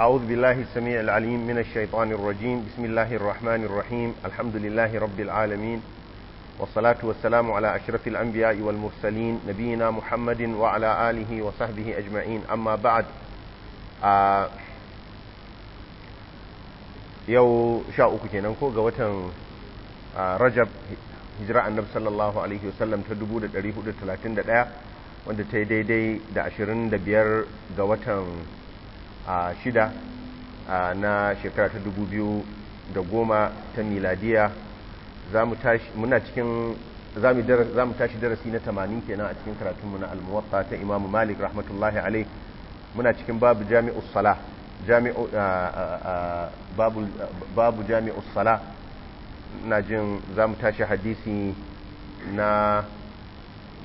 أعوذ بالله السميع العليم من الشيطان الرجيم بسم الله الرحمن الرحيم الحمد لله رب العالمين والصلاة والسلام على أشرف الأنبياء والمرسلين نبينا محمد وعلى آله وصحبه أجمعين أما بعد آه yau sha uku kenan ko ga watan rajab hijira annabi sallallahu alaihi wasallam ta 1431 wanda ta yi daidai da 25 ga watan a shida na shekara ta dubu biyu da goma ta miladiya za mu tashi darasi na tamanin kenan a cikin karatunmu na almuwatta ta imamu malik rahmatullahi alai muna cikin babu jami'us sala babu jami'us sala na jin za mu tashi hadisi na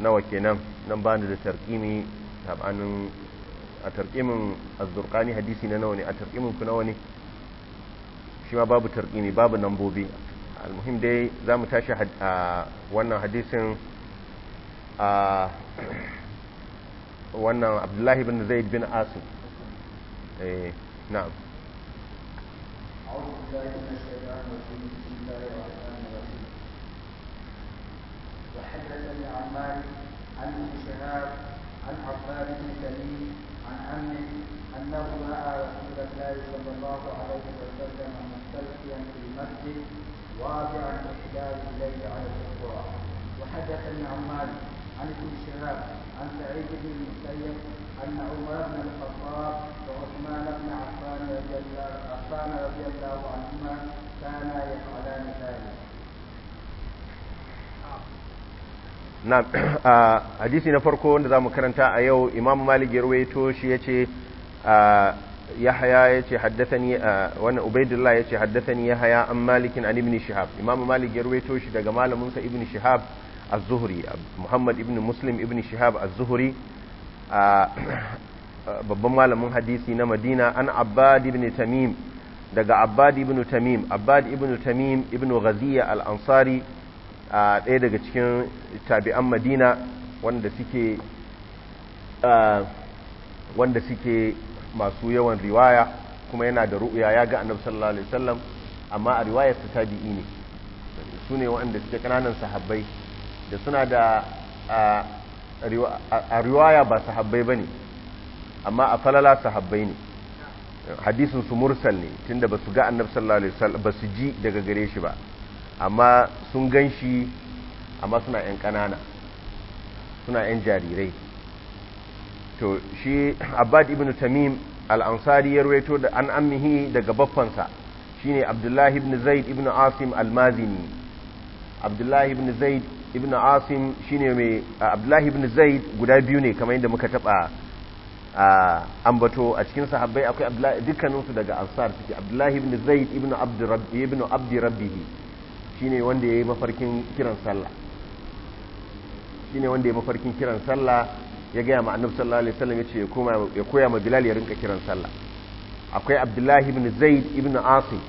nawa kenan nan ba da tarkimi tabanin a tarqimin az-zurqani hadisi na nawa ne a tarqimin ku nawa ne shi ma babu tarqimi babu nambobi almuhim dai zamu tashi a wannan hadisin a wannan Abdullahi bin Zaid bin Asim eh na'am وحدثني عن مالك عن ابن شهاب عن عباد بن تميم عنه أنه رأى رسول الله صلى الله عليه وسلم مستلقيا في المسجد واضعا إحدى رجليه على الأخرى وحدثني عماد عن ابن شهاب عن سعيد بن المسيب أن عمر بن الخطاب وعثمان بن عفان رضي الله عنهما كانا يفعلان ذلك na hadisi na farko wanda zamu karanta a yau imam malik ya ruwaito shi yace yahya yace haddathani wannan ubaidullah yace haddathani yahya an malikin an ibn shihab imam malik ya ruwaito shi daga malamin sa ibn shihab az-zuhri muhammad ibn muslim ibn shihab az-zuhri babban malamin hadisi na madina an abbad ibn tamim daga abbad ibn tamim abbad ibn tamim ibn ghaziya al-ansari a ɗaya daga cikin tabi'an madina wanda suke wanda suke masu yawan riwaya kuma yana da ru'uya ya ga annabi sallallahu alaihi wasallam amma a riwayar ta tabi'i ne su ne waɗanda suke kananan sahabbai da suna da a riwaya ba sahabbai ba ne amma a falala sahabbai ne hadisin su mursal ne tunda ba su ga annabi sallallahu alaihi wasallam ba su ji daga gare shi ba amma sun gan shi amma suna 'yan ƙanana suna 'yan jarirai to shi abad ibn tamim al'ansari ya ruwaito da an amihi daga baffansa shine abdullahi ibn zaid ibn asim almazini abdullahi ibn zaid ibn asim shine mai abdullahi ibn zaid guda biyu ne kamar yadda muka taba ambato a cikin sahabbai akwai dukkaninsu daga ansar suke abdullahi ibn zaid ibn abdi rabbihi shine wanda yayi mafarkin kiran sallah shine wanda yayi mafarkin kiran sallah ya gaya ma annabi sallallahu alaihi wasallam yace ya koma ya koya ma bilal ya rinka kiran sallah akwai abdullahi ibn zaid ibn asim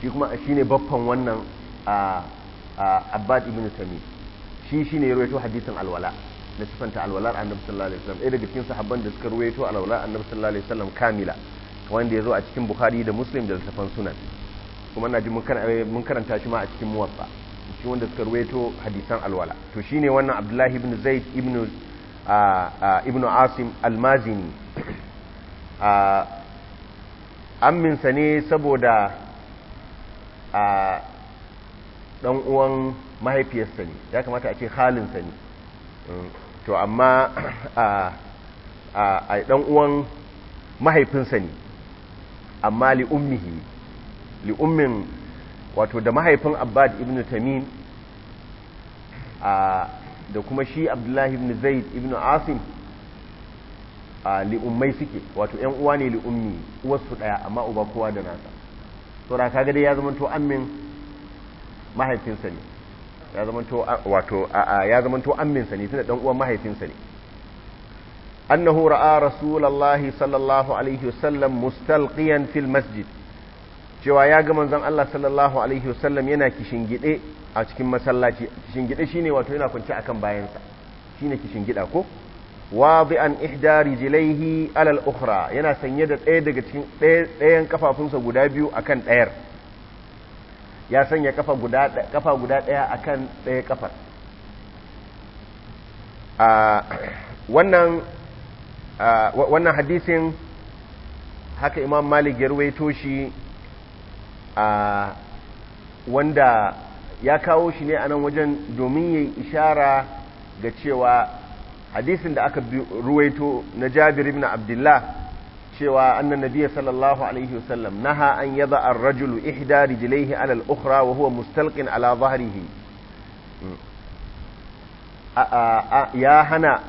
shi kuma shine baffan wannan abbad ibn sami shi shine ya rawaito hadisin alwala da sifanta alwalar annabi sallallahu alaihi wasallam ɗaya daga cikin sahabban da suka rawaito alwala annabi sallallahu alaihi wasallam kamila wanda ya zo a cikin bukhari da muslim da littafan sunan kuma na ji eh, mun karanta shi ma a cikin muwaffa shi wanda suka ruwaito hadisan alwala to shine wannan abdullahi ibn zaid ibn ah, ah, ibn asim almazini ah, sa ne saboda dan uwan mahaifiyarsa ne ya kamata a ce halinsa ne mm, to amma a dan uwan mahaifinsa ne amma li ummihi Li'ummin wato da mahaifin abbad ibn tamim da kuma shi abdullahi ibn zaid ibn asim li ummai suke wato yan uwa ne li'ummi, ummi uwarsu daya amma uba kowa da nasa saboda kaga dai ya zama to ammin mahaifinsa ne ya zama to wato ya zama to amminsa ne tunda dan uwan mahaifinsa ne annahu ra'a rasulullahi sallallahu alaihi wasallam mustalqiyan fil masjid cewa ya ga manzon Allah sallallahu alaihi wasallam yana kishingide a cikin masallaci kishingide shine wato yana kwance akan bayansa shine kishingida ko wadi'an ihdari jilaihi ala al-ukhra yana sanye da ɗaya daga cikin ɗayan kafafunsa guda biyu akan ɗayar ya sanya kafa guda kafa guda ɗaya akan ɗaya kafar a wannan wannan hadisin haka imam malik ya ruwaito shi a wanda ya kawo shi ne a nan wajen domin yin ishara ga cewa hadisin da aka ruwaito na jabir ibn abdullah cewa annan nabiya sallallahu alaihi wasallam naha an yaba ar-rajulu ihda rijilaihi alal al-ukhra wa huwa mustalqin ala dhahrihi ya hana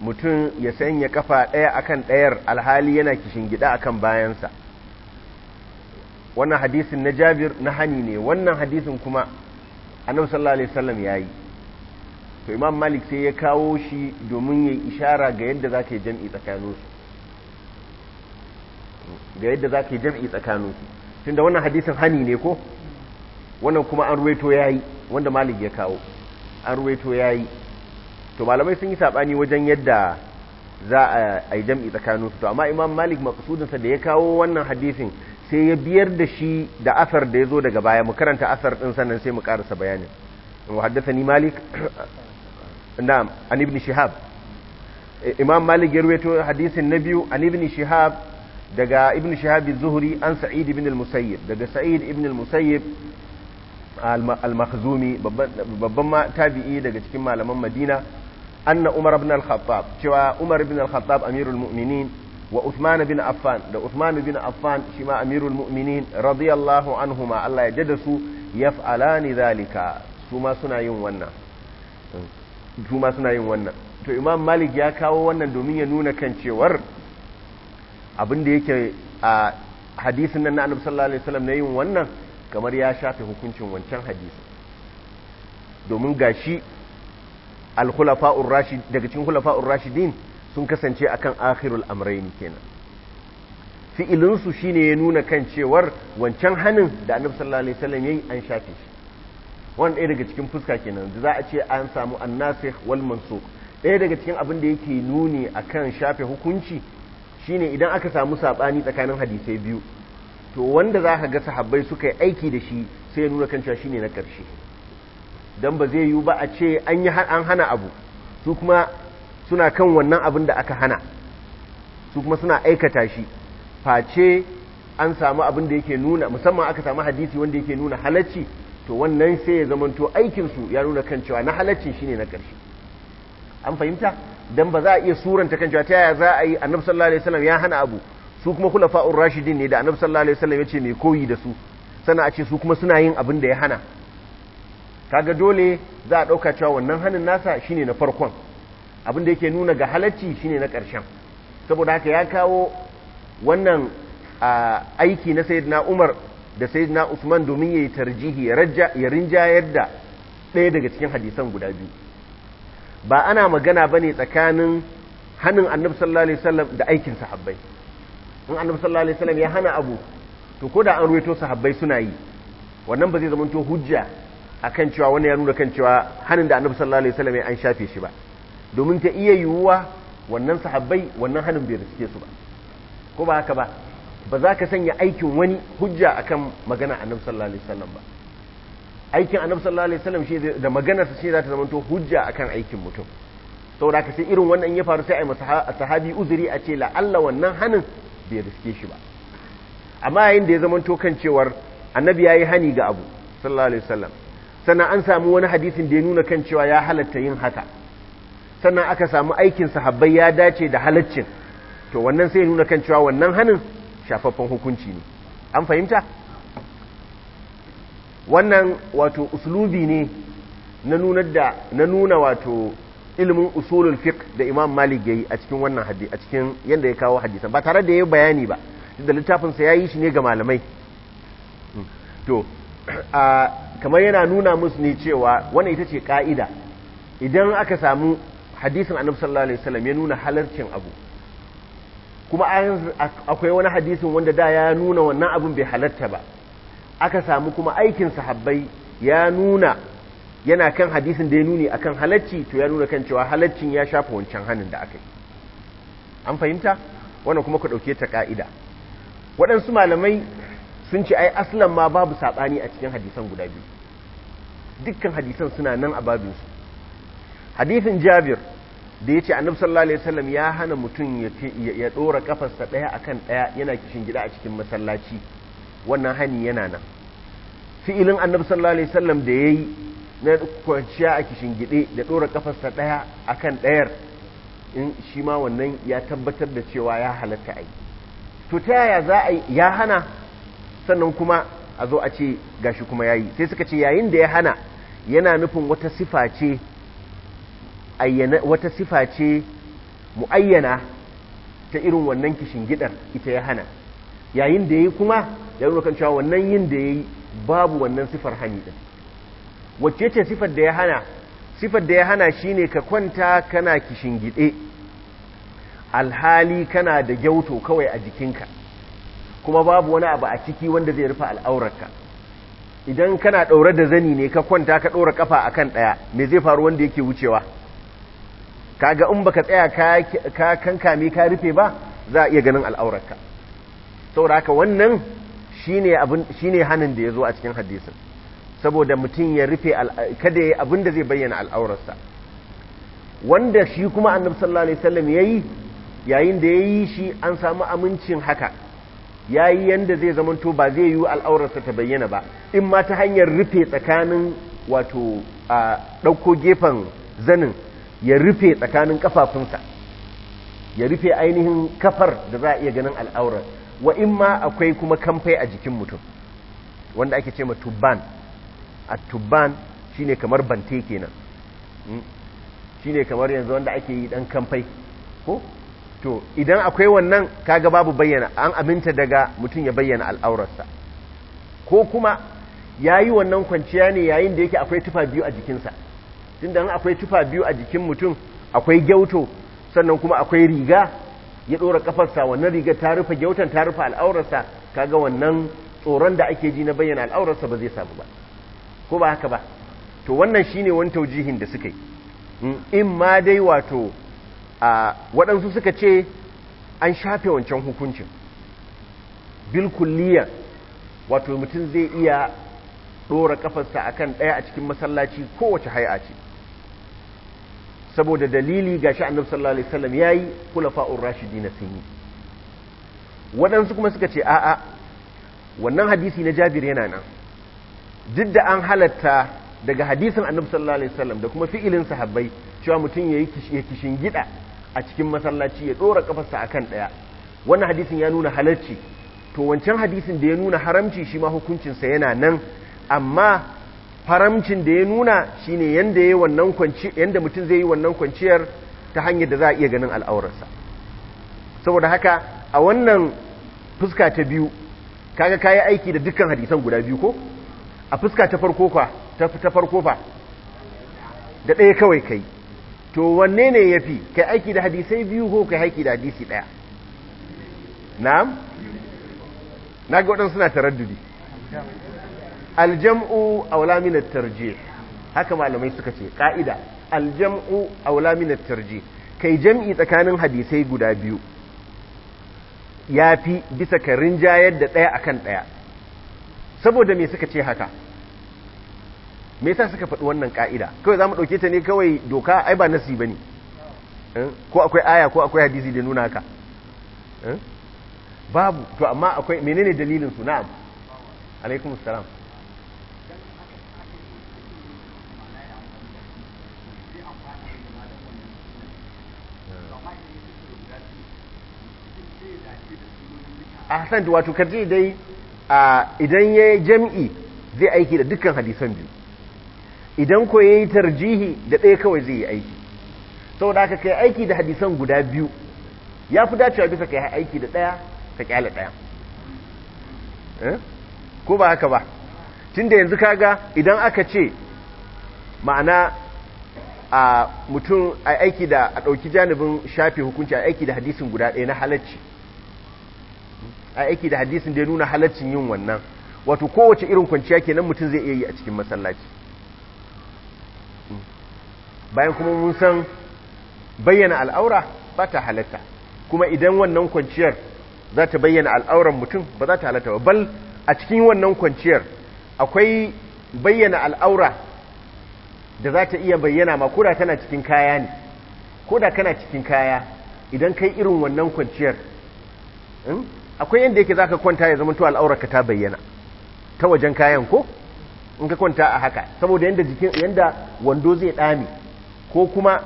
mutum ya sanya kafa ɗaya akan ɗayar alhali yana kishin gida akan bayansa wannan hadisin na jabir na hani ne wannan hadisin kuma annabi sallallahu alaihi wasallam yayi to imam malik sai ya kawo shi domin yayi ishara ga yadda zaka yi jam'i tsakanin su ga yadda zaka yi jam'i tsakanin su tunda wannan hadisin hani ne ko wannan kuma an ruwaito yayi wanda malik ya kawo an ruwaito yayi to malamai sun yi sabani wajen yadda za a yi jam'i tsakanin su to amma imam malik maqsudinsa da ya kawo wannan hadisin sai ya biyar da shi da asar da ya zo daga baya mu karanta asar ɗin sannan sai mu ƙarasa bayanin haddasa ni malik na'am an ibn shihab imam malik ya ruwaito hadisin na biyu an ibn shihab daga ibn shihab az-zuhri an sa'id ibn al-musayyib daga sa'id ibn al-musayyib al-makhzumi babban tabi'i daga cikin malaman madina anna umar ibn al-khattab cewa umar ibn al-khattab amirul mu'minin wa Uthman bin Affan da Uthman bin Affan shi ma amirul mu'minin radiyallahu anhuma Allah ya jada su yaf'alani zalika su ma suna yin wannan su ma suna yin wannan to Imam Malik ya kawo wannan domin ya nuna kan cewar abin da yake a hadisin nan na Annabi sallallahu alaihi wasallam na yin wannan kamar ya shafe hukuncin wancan hadisi domin gashi al-khulafa'ur rashid daga cikin khulafa'ur rashidin sun kasance akan akhirul amraini kenan fi'ilinsu shine ya nuna kan cewar wancan hanin da annabi sallallahu alaihi wasallam yayi an shafe shi wannan ɗaya daga cikin fuska kenan da za a ce an samu annasikh wal mansukh ɗaya daga cikin abin da yake nuni a kan shafe hukunci shine idan aka samu saɓani tsakanin hadisai biyu to wanda za ka ga sahabbai suka yi aiki da shi sai ya nuna kan cewa shine na ƙarshe dan ba zai yiwu ba a ce an an hana abu su kuma suna kan wannan abin da aka hana su kuma suna aikata shi face an samu abin da yake nuna musamman aka samu hadisi wanda yake nuna halacci to wannan sai ya zamanto aikinsu ya nuna kan cewa na halacci shine na ƙarshe an fahimta dan ba za a iya suranta kan cewa ta yaya za a yi annabi sallallahu alaihi wasallam ya hana abu su kuma khulafa'ur rashidin ne da annabi sallallahu alaihi wasallam ya ce mai koyi da su sana a ce su kuma suna yin abin da ya hana kaga dole za a ɗauka cewa wannan hanin nasa shine na farkon abin da yake nuna ga halacci shine na ƙarshen saboda haka ya kawo wannan aiki na sayyidina Umar da sayyidina Usman domin ya yi tarjihi ya rinjayar da ɗaya daga cikin hadisan guda biyu ba ana magana ba ne tsakanin hanin annabi sallallahu alaihi wasallam da aikin sahabbai in annabi sallallahu alaihi wasallam ya hana abu to ko da an ruwaito sahabbai suna yi wannan ba zai zama to hujja akan cewa wani ya nuna kan cewa hanin da annabi sallallahu alaihi wasallam ya an shafe shi ba domin ta iya yiwuwa wannan sahabbai wannan hannun bai riske su ba ko ba haka ba ba za ka sanya aikin wani hujja akan magana a sallallahu alaihi ba aikin a sallallahu alaihi shi da magana su shi za ta zama to hujja akan aikin mutum saboda ka sai irin wannan ya faru sai a sahabi uzuri a ce la'alla wannan hannun bai riske shi ba amma yayin da ya zama to kan cewar annabi ya yi hani ga abu sallallahu alaihi wasallam sannan an samu wani hadisin da ya nuna kan cewa ya halatta yin haka sannan aka samu aikin sahabbai ya dace da halaccin to wannan sai nuna kan cewa wannan hannun shafaffen hukunci ne an fahimta wannan wato uslubi ne na nuna da na nuna wato ilimin usulul fiqh da Imam Malik yayi a cikin wannan hadisi a cikin yanda ya kawo hadisan ba tare da yayi bayani ba da littafin sa yayi shi ne ga malamai hmm. to a kamar yana nuna musu ne cewa wannan ita ce ka'ida idan aka samu hadisin annabi sallallahu alaihi wasallam ya nuna halarcin abu kuma akwai wani hadisin wanda da ya nuna wannan abun bai halarta ba aka samu kuma aikin sahabbai ya nuna yana kan hadisin da ya nuni akan halacci to ya nuna kan cewa halaccin ya shafa wancan hannun da aka yi an fahimta wannan kuma ku ɗauke ta ka'ida waɗansu malamai sun ce ai aslan ma babu saɓani a cikin hadisan guda biyu dukkan hadisan suna nan a babinsu hadisin jabir da ya ce annabi sallallahu alaihi wasallam ya hana mutum ya ɗora kafarsa ɗaya akan ɗaya yana kishin gida a cikin masallaci wannan hani yana nan fi'ilin annabi sallallahu alaihi wasallam da yayi na kwanciya a kishin gide da ɗora kafarsa ɗaya akan ɗayar in shi ma wannan ya tabbatar da cewa ya halatta ai to ta yaya za a ya hana sannan kuma a zo a ce gashi kuma yayi sai suka ce yayin da ya hana yana nufin wata sifa ce wata sifa ce mu'ayyana ta irin wannan kishin gidar ita ya hana yayin da ya yi kuma ya nuna kan cewa wannan yin da ya yi babu wannan sifar hani din wacce ce sifar da ya hana sifar da ya hana shine ka kwanta kana kishin gide alhali kana da gyauto kawai a jikinka kuma babu wani abu a ciki wanda zai rufe al'aurarka idan kana ɗaure da zani ne ka kwanta ka ɗora kafa akan ɗaya me zai faru wanda yake wucewa kaga in baka tsaya ka kankame ka rufe ba za a iya ganin al'aurarka saboda haka wannan shine abin shine hanin da yazo a cikin hadisin saboda mutum ya rufe kada yayi abin da zai bayyana al'aurarsa wanda shi kuma annabi sallallahu alaihi wasallam yayi yayin da yayi shi an samu amincin haka yayi yanda zai zamanto ba zai yi al'aurarsa ta bayyana ba in ma ta hanyar rufe tsakanin wato a dauko gefen zanin ya rufe tsakanin kafafunsa ya rufe ainihin kafar da za a iya ganin al'aurar wa imma akwai kuma kamfai a jikin mutum wanda ake ce ma tubban a tubban shine kamar bante kenan hmm? shine kamar yanzu wanda ake yi dan kamfai ko to idan akwai wannan kaga babu bayyana an aminta daga mutum ya bayyana al'aurarsa ko kuma yayi wannan kwanciya ne yayin da yake akwai tufa biyu a jikinsa tunda akwai tufa biyu a jikin mutum akwai gyauto sannan kuma akwai riga ya ɗora kafarsa wannan rigar ta rufe gyautan ta rufe al'aurarsa kaga wannan tsoron da ake ji na bayyana al'aurarsa ba zai samu ba ko ba haka ba to wannan shine wani taujihin da suka yi mm, in ma dai wato a waɗansu suka ce an shafe wancan hukuncin bil wato mutum zai iya ɗora kafarsa akan ɗaya a cikin masallaci kowace hai'a ce saboda dalili gashi annabi sallallahu alaihi wasallam yayi khulafa'ur rashidin sun yi waɗansu kuma suka ce a'a wannan hadisi na Jabir yana nan duk da an halatta daga hadisin annabi sallallahu alaihi wasallam da kuma fi'ilin sahabbai cewa mutum yayi kishin gida a cikin masallaci ya dora kafarsa akan daya wannan hadisin ya nuna halarci to wancan hadisin da ya nuna haramci shi ma hukuncinsa yana nan amma Faramcin da ya nuna shi ne yadda mutum zai yi wannan kwanciyar ta hanyar da za a iya ganin al'aurarsa saboda haka a wannan fuska ta biyu kaga kayi aiki da dukkan hadisan guda biyu ko a fuska ta farko fa ta farko fa da ɗaya kawai kai to wanne ne ya fi kai aiki da hadisai biyu ko kai aiki da hadisi ɗaya Na ga waɗansu na taraddudi aljam'u a min at-tarjih haka malamai suka ce ka'ida aljam'u a min at-tarjih kai jam'i tsakanin hadisai guda biyu yafi bisa ka rinjayar da ɗaya akan ɗaya. saboda me suka ce haka me yasa suka faɗi wannan ka'ida kawai mu ɗauke ta ne kawai doka ai ba nasi bane eh? ko akwai aya ko akwai hadisi da nuna haka eh? babu to amma akwai menene dalilin su na'am alaikum salam ahsan wato kaji dai idan ya yi jam'i zai aiki da dukkan hadisan biyu idan ko ya tarjihi da ɗaya kawai zai yi aiki saboda haka kai aiki da hadisan guda biyu ya fi dacewa bisa kai aiki da ɗaya ka kyale ɗaya eh? ko ba haka ba tun da yanzu kaga idan aka ce ma'ana a mutum a aiki da a ɗauki janibin shafe hukunci a aiki da hadisin guda ɗaya na halarci a aiki da hadisin da ya nuna halaccin yin wannan wato kowace irin kwanciya ke nan mutum zai iya yi a cikin masallaci bayan kuma mun san bayyana al'aura ba ta halatta kuma idan wannan kwanciyar za ta bayyana al'auran mutum ba za ta halatta ba bal a cikin wannan kwanciyar akwai bayyana al'aura da za ta iya bayyana ma koda tana cikin kaya ne ko da kana cikin kaya idan kai irin wannan kwanciyar hmm, akwai yadda yake za ka kwanta ya zama to ta bayyana ta wajen kayan ko in ka kwanta a haka saboda yadda jikin yadda wando zai ɗame ko kuma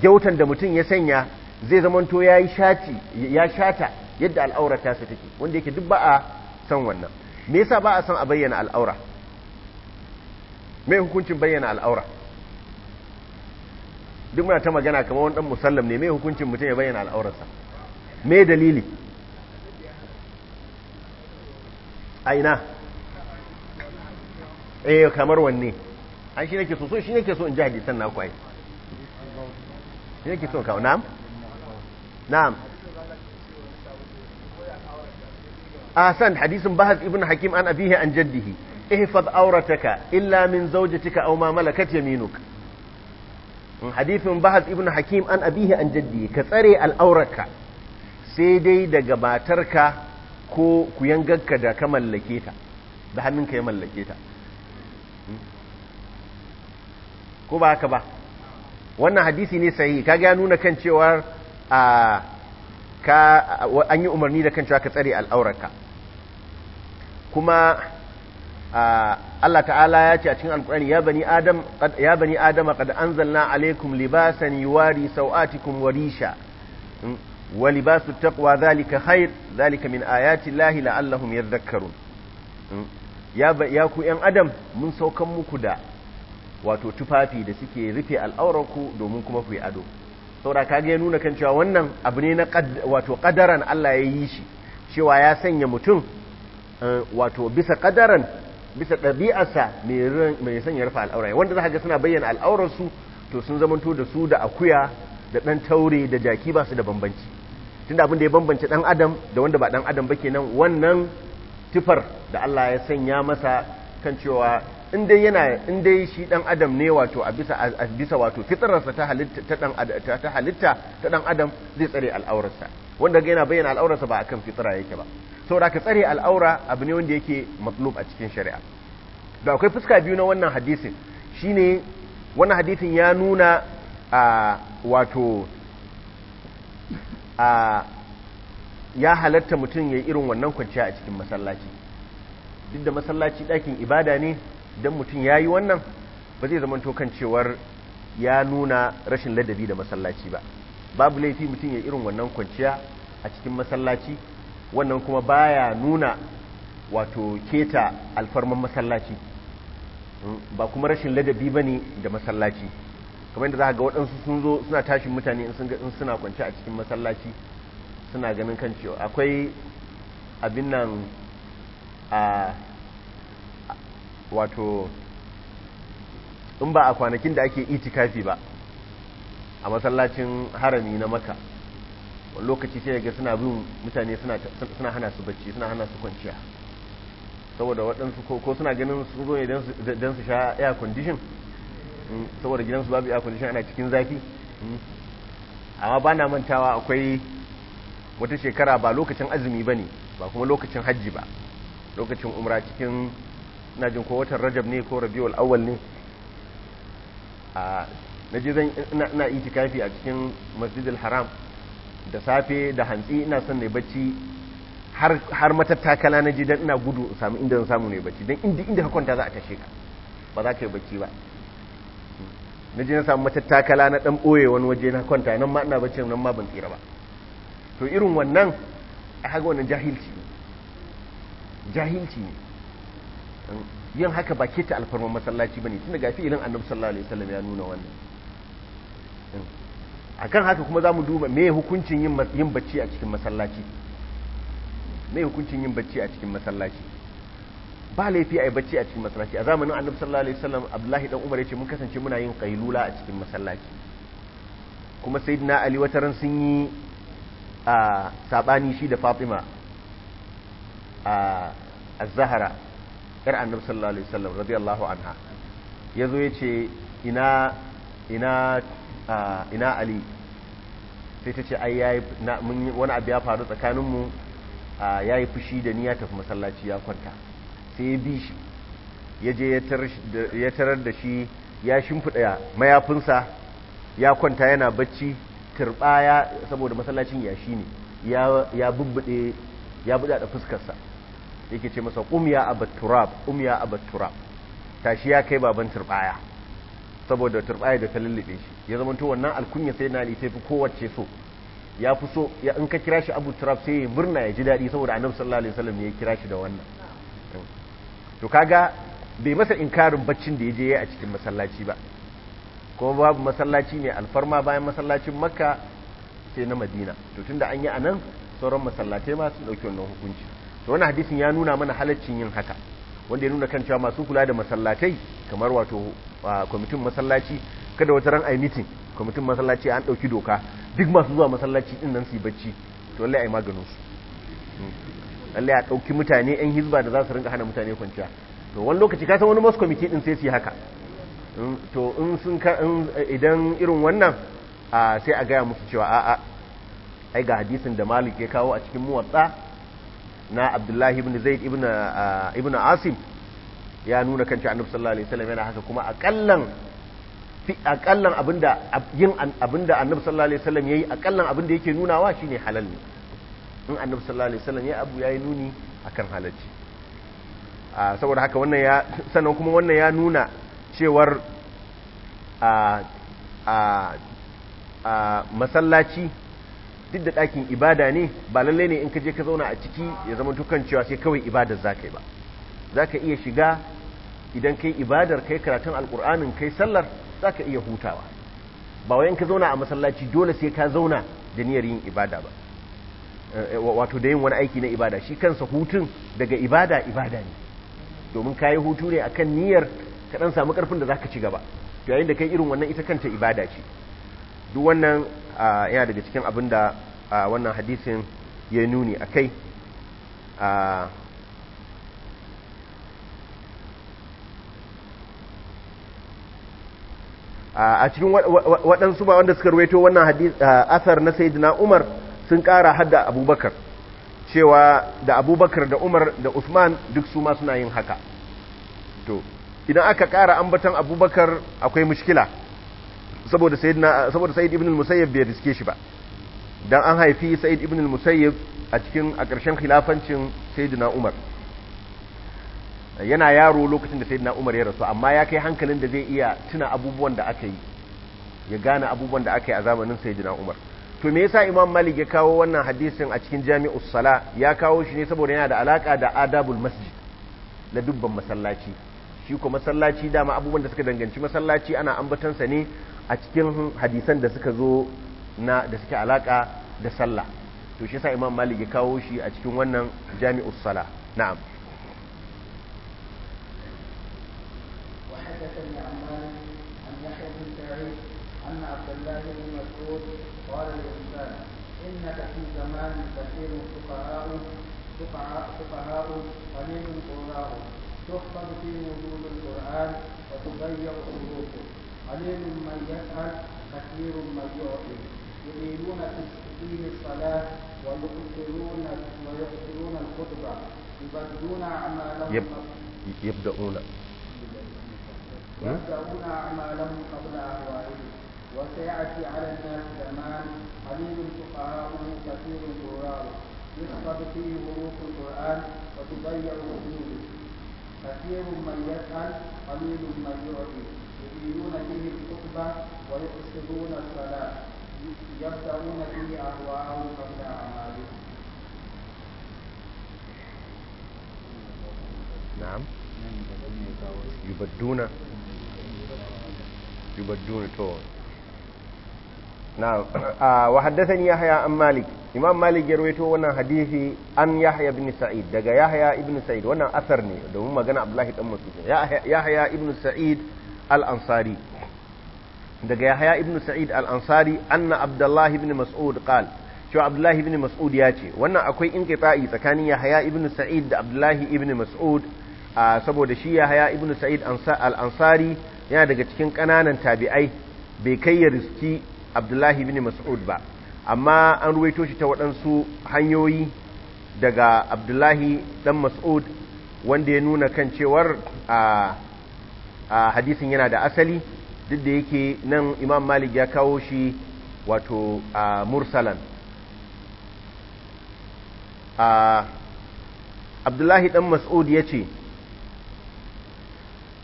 gyautan da mutum ya sanya zai zama to ya shati ya shata yadda al'aura ta su take wanda yake duk ba a san wannan me yasa ba a san a bayyana al'aura me hukuncin bayyana al'aura duk muna ta magana kamar wani dan musallam ne me hukuncin mutum ya bayyana al'aurarsa me dalili Aina. ina eh kamar wanne an shi nake so so shi nake so in ji hadisan na kwai shi nake so kawo na'am na'am ahsan hadisin bahaz ibn hakim an abihi an jaddihi ihfaz aurataka illa min zawjatika aw ma malakat yaminuk hadithin bahaz ibn hakim an abihi an jaddihi ka tsare al'aurarka sai dai daga matarka ko ku yangarka da ka mallake ta da hannunka ya mallake ta ko ba haka ba wannan hadisi ne sai kaga ya nuna kan cewa a ka an yi umarni da kan cewa ka tsare al'aurarka kuma Allah ta'ala ya ce a cikin alkurani ya bani adam ya bani adama qad anzalna alaikum libasan yuwari sawatikum wa risha hmm. ولباس التقوى ذلك خير ذلك من آيات الله لعلهم يذكرون يا يا ku ƴan adam mun saukan muku da wato tufafi da suke rufe al'aurarku domin kuma ku yi ado saboda kage ya nuna kan cewa wannan abu ne na wato qadaran Allah ya yi shi cewa ya sanya mutum wato bisa qadaran bisa dabi'arsa mai sanya rufe al'aura wanda zaka ga suna bayyana al'aurarsu to sun zamanto da su da akuya da dan taure da jaki ba su da bambanci tunda abin da ya bambance dan adam da wanda ba dan adam ba kenan wannan tifar da Allah ya sanya masa kan cewa in dai yana in dai shi dan adam ne wato a bisa a wato fitrarsa ta halitta ta dan adam zai tsare al'aurarsa wanda yana bayyana al'aurarsa ba akan fitra yake ba saboda ka tsare al'aura abu ne wanda yake matlub a cikin shari'a da akwai fuska biyu na wannan hadisin shine wannan hadisin ya nuna a wato a ya halatta mutum ya yi irin wannan kwanciya a cikin masallaci duk da masallaci ɗakin ibada ne don mutum ya yi wannan ba zai zama kan cewar ya nuna rashin ladabi da masallaci ba babu laifi mutum ya yi irin wannan kwanciya a cikin masallaci wannan kuma baya nuna wato keta alfarman masallaci hmm, ba kuma rashin ladabi ba ne da masallaci kamar yadda za ga waɗansu sun zo suna tashin mutane in suna kwanci a cikin masallaci suna ganin kan cewa akwai abin nan a wato in ba a kwanakin da ake itikafi ba a masallacin harami na maka lokaci sai ga suna bin mutane suna hana su bacci suna hana su kwanciya saboda waɗansu ko suna ganin sun zo ne don su sha air condition Mm, saboda gidansu babu air condition ana cikin zafi mm. amma ba na mantawa akwai wata shekara ba lokacin azumi ba ne ba kuma lokacin hajji ba lokacin umra cikin najin ko watan rajab ne ko rabiul awal ne a naje zan ina itikafi a cikin masjidil haram da safe da hantsi ina son ne bacci har har na naje dan ina gudu in samu inda zan samu ne bacci dan inda inda ka kwanta za a tashe ka ba za ka yi bacci ba na je samun samu matattakala na dan boye wani waje na kwanta nan ma ina bacci nan ma ban tsira ba to irin wannan a haka wannan jahilci ne jahilci ne yin haka ba ke ta alfarman masallaci tun daga ga ilin annabi sallallahu alaihi wasallam ya nuna wannan akan haka kuma za mu duba me hukuncin yin yin bacci a cikin masallaci me hukuncin yin bacci a cikin masallaci ba laifi a yi bacci a cikin masallaci a zamanin annabi sallallahu alaihi wasallam abdullahi dan umar yace mun kasance muna yin qailula a cikin masallaci kuma sayyidina ali ran sun yi a sabani shi da fatima a az-zahra kar annabi sallallahu alaihi wasallam radiyallahu anha yazo yace ina ina ina ali sai ta ce ai yayi wani abu ya faru tsakaninmu yayi fushi da ni ya tafi masallaci ya kwanta sai ya bi shi ya je ya tarar da shi ya shimfiɗa mayafinsa ya kwanta yana bacci ya saboda masallacin yashi ne ya bubbuɗe ya da fuskarsa yake ce masa umya abatturab umya abatturab tashi ya kai baban turbaya saboda turbaya da ta lullube shi ya zama to wannan alkunya sai na litafi fi kowace so ya fi so in ka kira shi abu turab sai ya murna ya ji daɗi saboda annabi sallallahu alaihi wasallam ya kira shi da wannan to kaga bai masa inkarin baccin da ya je a cikin masallaci ba kuma babu masallaci ne alfarma bayan masallacin makka sai na madina to tunda an yi a nan sauran masallatai ma su ɗauki wannan hukunci to wani hadisin ya nuna mana halaccin yin haka wanda ya nuna kan cewa masu kula da masallatai kamar wato kwamitin masallaci kada wata ran ayi mitin kwamitin masallaci an ɗauki doka duk masu zuwa masallaci ɗin nan su yi bacci to lallai ai maganin su hmm. lallai a ɗauki mutane 'yan hizba da za su ringa hana mutane kwanciya to wani lokaci kasan wani mas kwamiti ɗin sai su yi haka mm, to in sun ka idan irin wannan sai a gaya musu cewa a'a ai ga hadisin da malik ya kawo a cikin muwatsa na abdullahi ibn zaid ibn asim ya nuna kan cewa sallallahu alaihi wasallam yana haka kuma akallan fi akallan abinda yin abinda annabi sallallahu alaihi wasallam yayi akallan abinda yake nunawa shine halal ne in annabi sallallahu alaihi wasallam ya abu yayi nuni akan halacci a ah, saboda haka wannan ya sannan kuma wannan ya nuna cewar a ah, a ah, a masallaci duk da ɗakin ibada ne ba lallai ne in ka je ka zauna a ciki ya zama tukan cewa sai kawai ibadar za ka yi ba za ka iya shiga idan kai ibadar kai karatun alkur'anin kai sallar za ka iya hutawa ba wayan ka zauna a masallaci dole sai ka zauna da niyyar yin ibada ba Eh, wato da yin wani aiki na ibada shi kansa hutun daga ibada ibada ne domin ka yi hutu ne kan niyyar ka ɗan samu ƙarfin da za ka ci gaba to yayin da kai irin wannan ita kanta ibada ce duk wannan yana daga cikin abin da wannan hadisin ya nuni a kai, a cikin waɗansu ba wanda suka ruwaito wannan asar na sayyidina Umar sun ƙara hadda abubakar cewa da abubakar da umar da usman duk su ma suna yin haka to idan aka ƙara ambatan abubakar akwai mushkila saboda sa'id ibn bai riske shi ba dan an haifi sa'id ibn a cikin a ƙarshen khilafancin sayyidina umar yana yaro lokacin da sayyidina umar ya rasu amma ya kai hankalin da zai iya tuna abubuwan da aka yi ya gane abubuwan da aka yi a zamanin sayyidina umar to me yasa imam malik ya kawo wannan hadisin a cikin jami'us sala ya kawo shi ne saboda yana da alaka da adabul masjid na dubban masallaci shi ko masallaci dama abubuwan da suka danganci masallaci ana sa ne a cikin hadisan da suka zo na da suke alaka da sallah to shi yasa imam malik ya kawo shi a cikin wannan jami'us sala na'am وحدثني عن انك في زمان كثير فقهاء فقهاء فقهاء قليل قراء تحفظ في وجود القرآن وتضيع حروفه قليل من يسأل كثير من يعطي يريدون تسكين الصلاة ويؤثرون ويؤثرون الخطبة يبدون أعمالهم يب... يبدؤون يبدؤون أعمالهم قبل أهوائهم وسيأتي على الناس زمان قليل فقهاؤه كثير قراءه يحفظ فيه ظروف القرآن وتضيع وجوده كثير من يسأل قليل من يعطي يدينون به الخطبة ويقصدون الصلاة يبدأون به أهواءهم قبل أعمالهم نعم, نعم. يبدون يبدون تو na'am ah, wa haddathani yahya an malik imam malik ya rawaito wannan hadisi an yahya ibn sa'id daga yahya ibn sa'id wannan asar ne domin magana abdullahi dan mas'ud yahya ibn sa'id al-ansari daga yahya ibn sa'id al-ansari anna abdullahi ibn mas'ud qal. cewa abdullahi ibn mas'ud ya ce wannan akwai inqita'i tsakanin yahya ibn sa'id da abdullahi ibn mas'ud ah, saboda shi yahya ibn sa'id al-ansari yana daga cikin kananan tabi'ai bai kai ya riski abdullahi bin mas'ud ba amma an ruwaito shi ta waɗansu hanyoyi daga abdullahi ɗan mas'ud wanda ya nuna kan cewar a hadisin yana da asali duk da yake nan imam malik ya kawo shi wato a mursalan a abdullahi dan mas'ud ya ce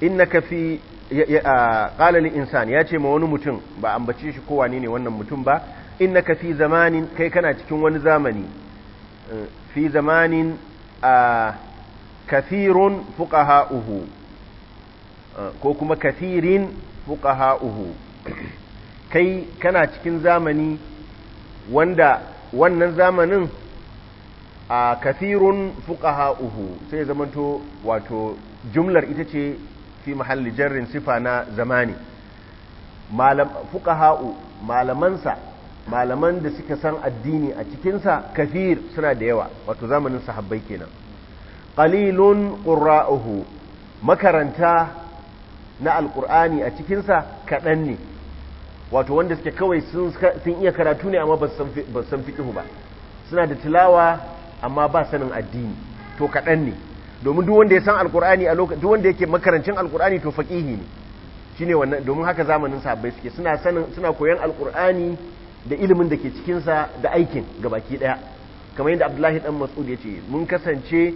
innaka fi ƙalali insan ya ce ma wani mutum ba ambace shi kowa ne wannan mutum ba inna ka fi zamanin kai kana cikin wani zamani fi zamanin a kathirun fuqaha'uhu ko kuma kathirin fuqaha'uhu kai kana cikin zamani wanda wannan zamanin a kathirun fuqaha'uhu sai zamanto wato jumlar ita ce fi mahalli jarrin sifa na zamani fuqaha'u malamansa malaman da suka san addini a cikinsa kafir suna da yawa wato zamanin sahabbai kenan qalilun qurra'uhu makaranta na alqur'ani a cikinsa kaɗan ne wato wanda suke kawai sun iya karatu ne amma ba san fiƙihu ba suna da tilawa amma ba sanin addini to kaɗan ne domin duk wanda ya san alkur'ani a lokacin duk wanda yake makarancin alkur'ani to faqihi ne shine wannan domin haka zamanin sahabbai suke suna sanin suna koyan alkur'ani da ilimin da ke cikin sa da aikin gabaki daya kamar yadda Abdullahi dan Mas'ud yace mun kasance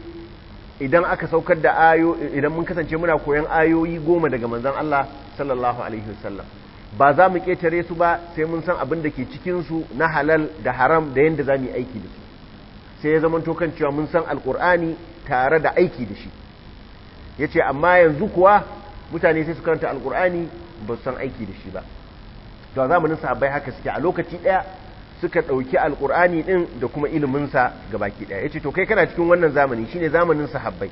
idan aka saukar da ayo idan mun kasance muna koyan ayoyi goma daga manzon Allah sallallahu alaihi wasallam ba za mu ketare su ba sai mun san abin da ke cikin su na halal da haram da yadda za mu yi aiki da su sai ya zama to cewa mun san alkur'ani tare da aiki da shi ya ce amma yanzu kuwa mutane sai su karanta alkur'ani ba su san aiki da shi ba to zamanin sahabbai haka suke a lokaci ɗaya suka ɗauki alkur'ani ɗin da kuma iliminsa ga baki ɗaya ya ce to kai kana cikin wannan zamani shine zamanin sahabbai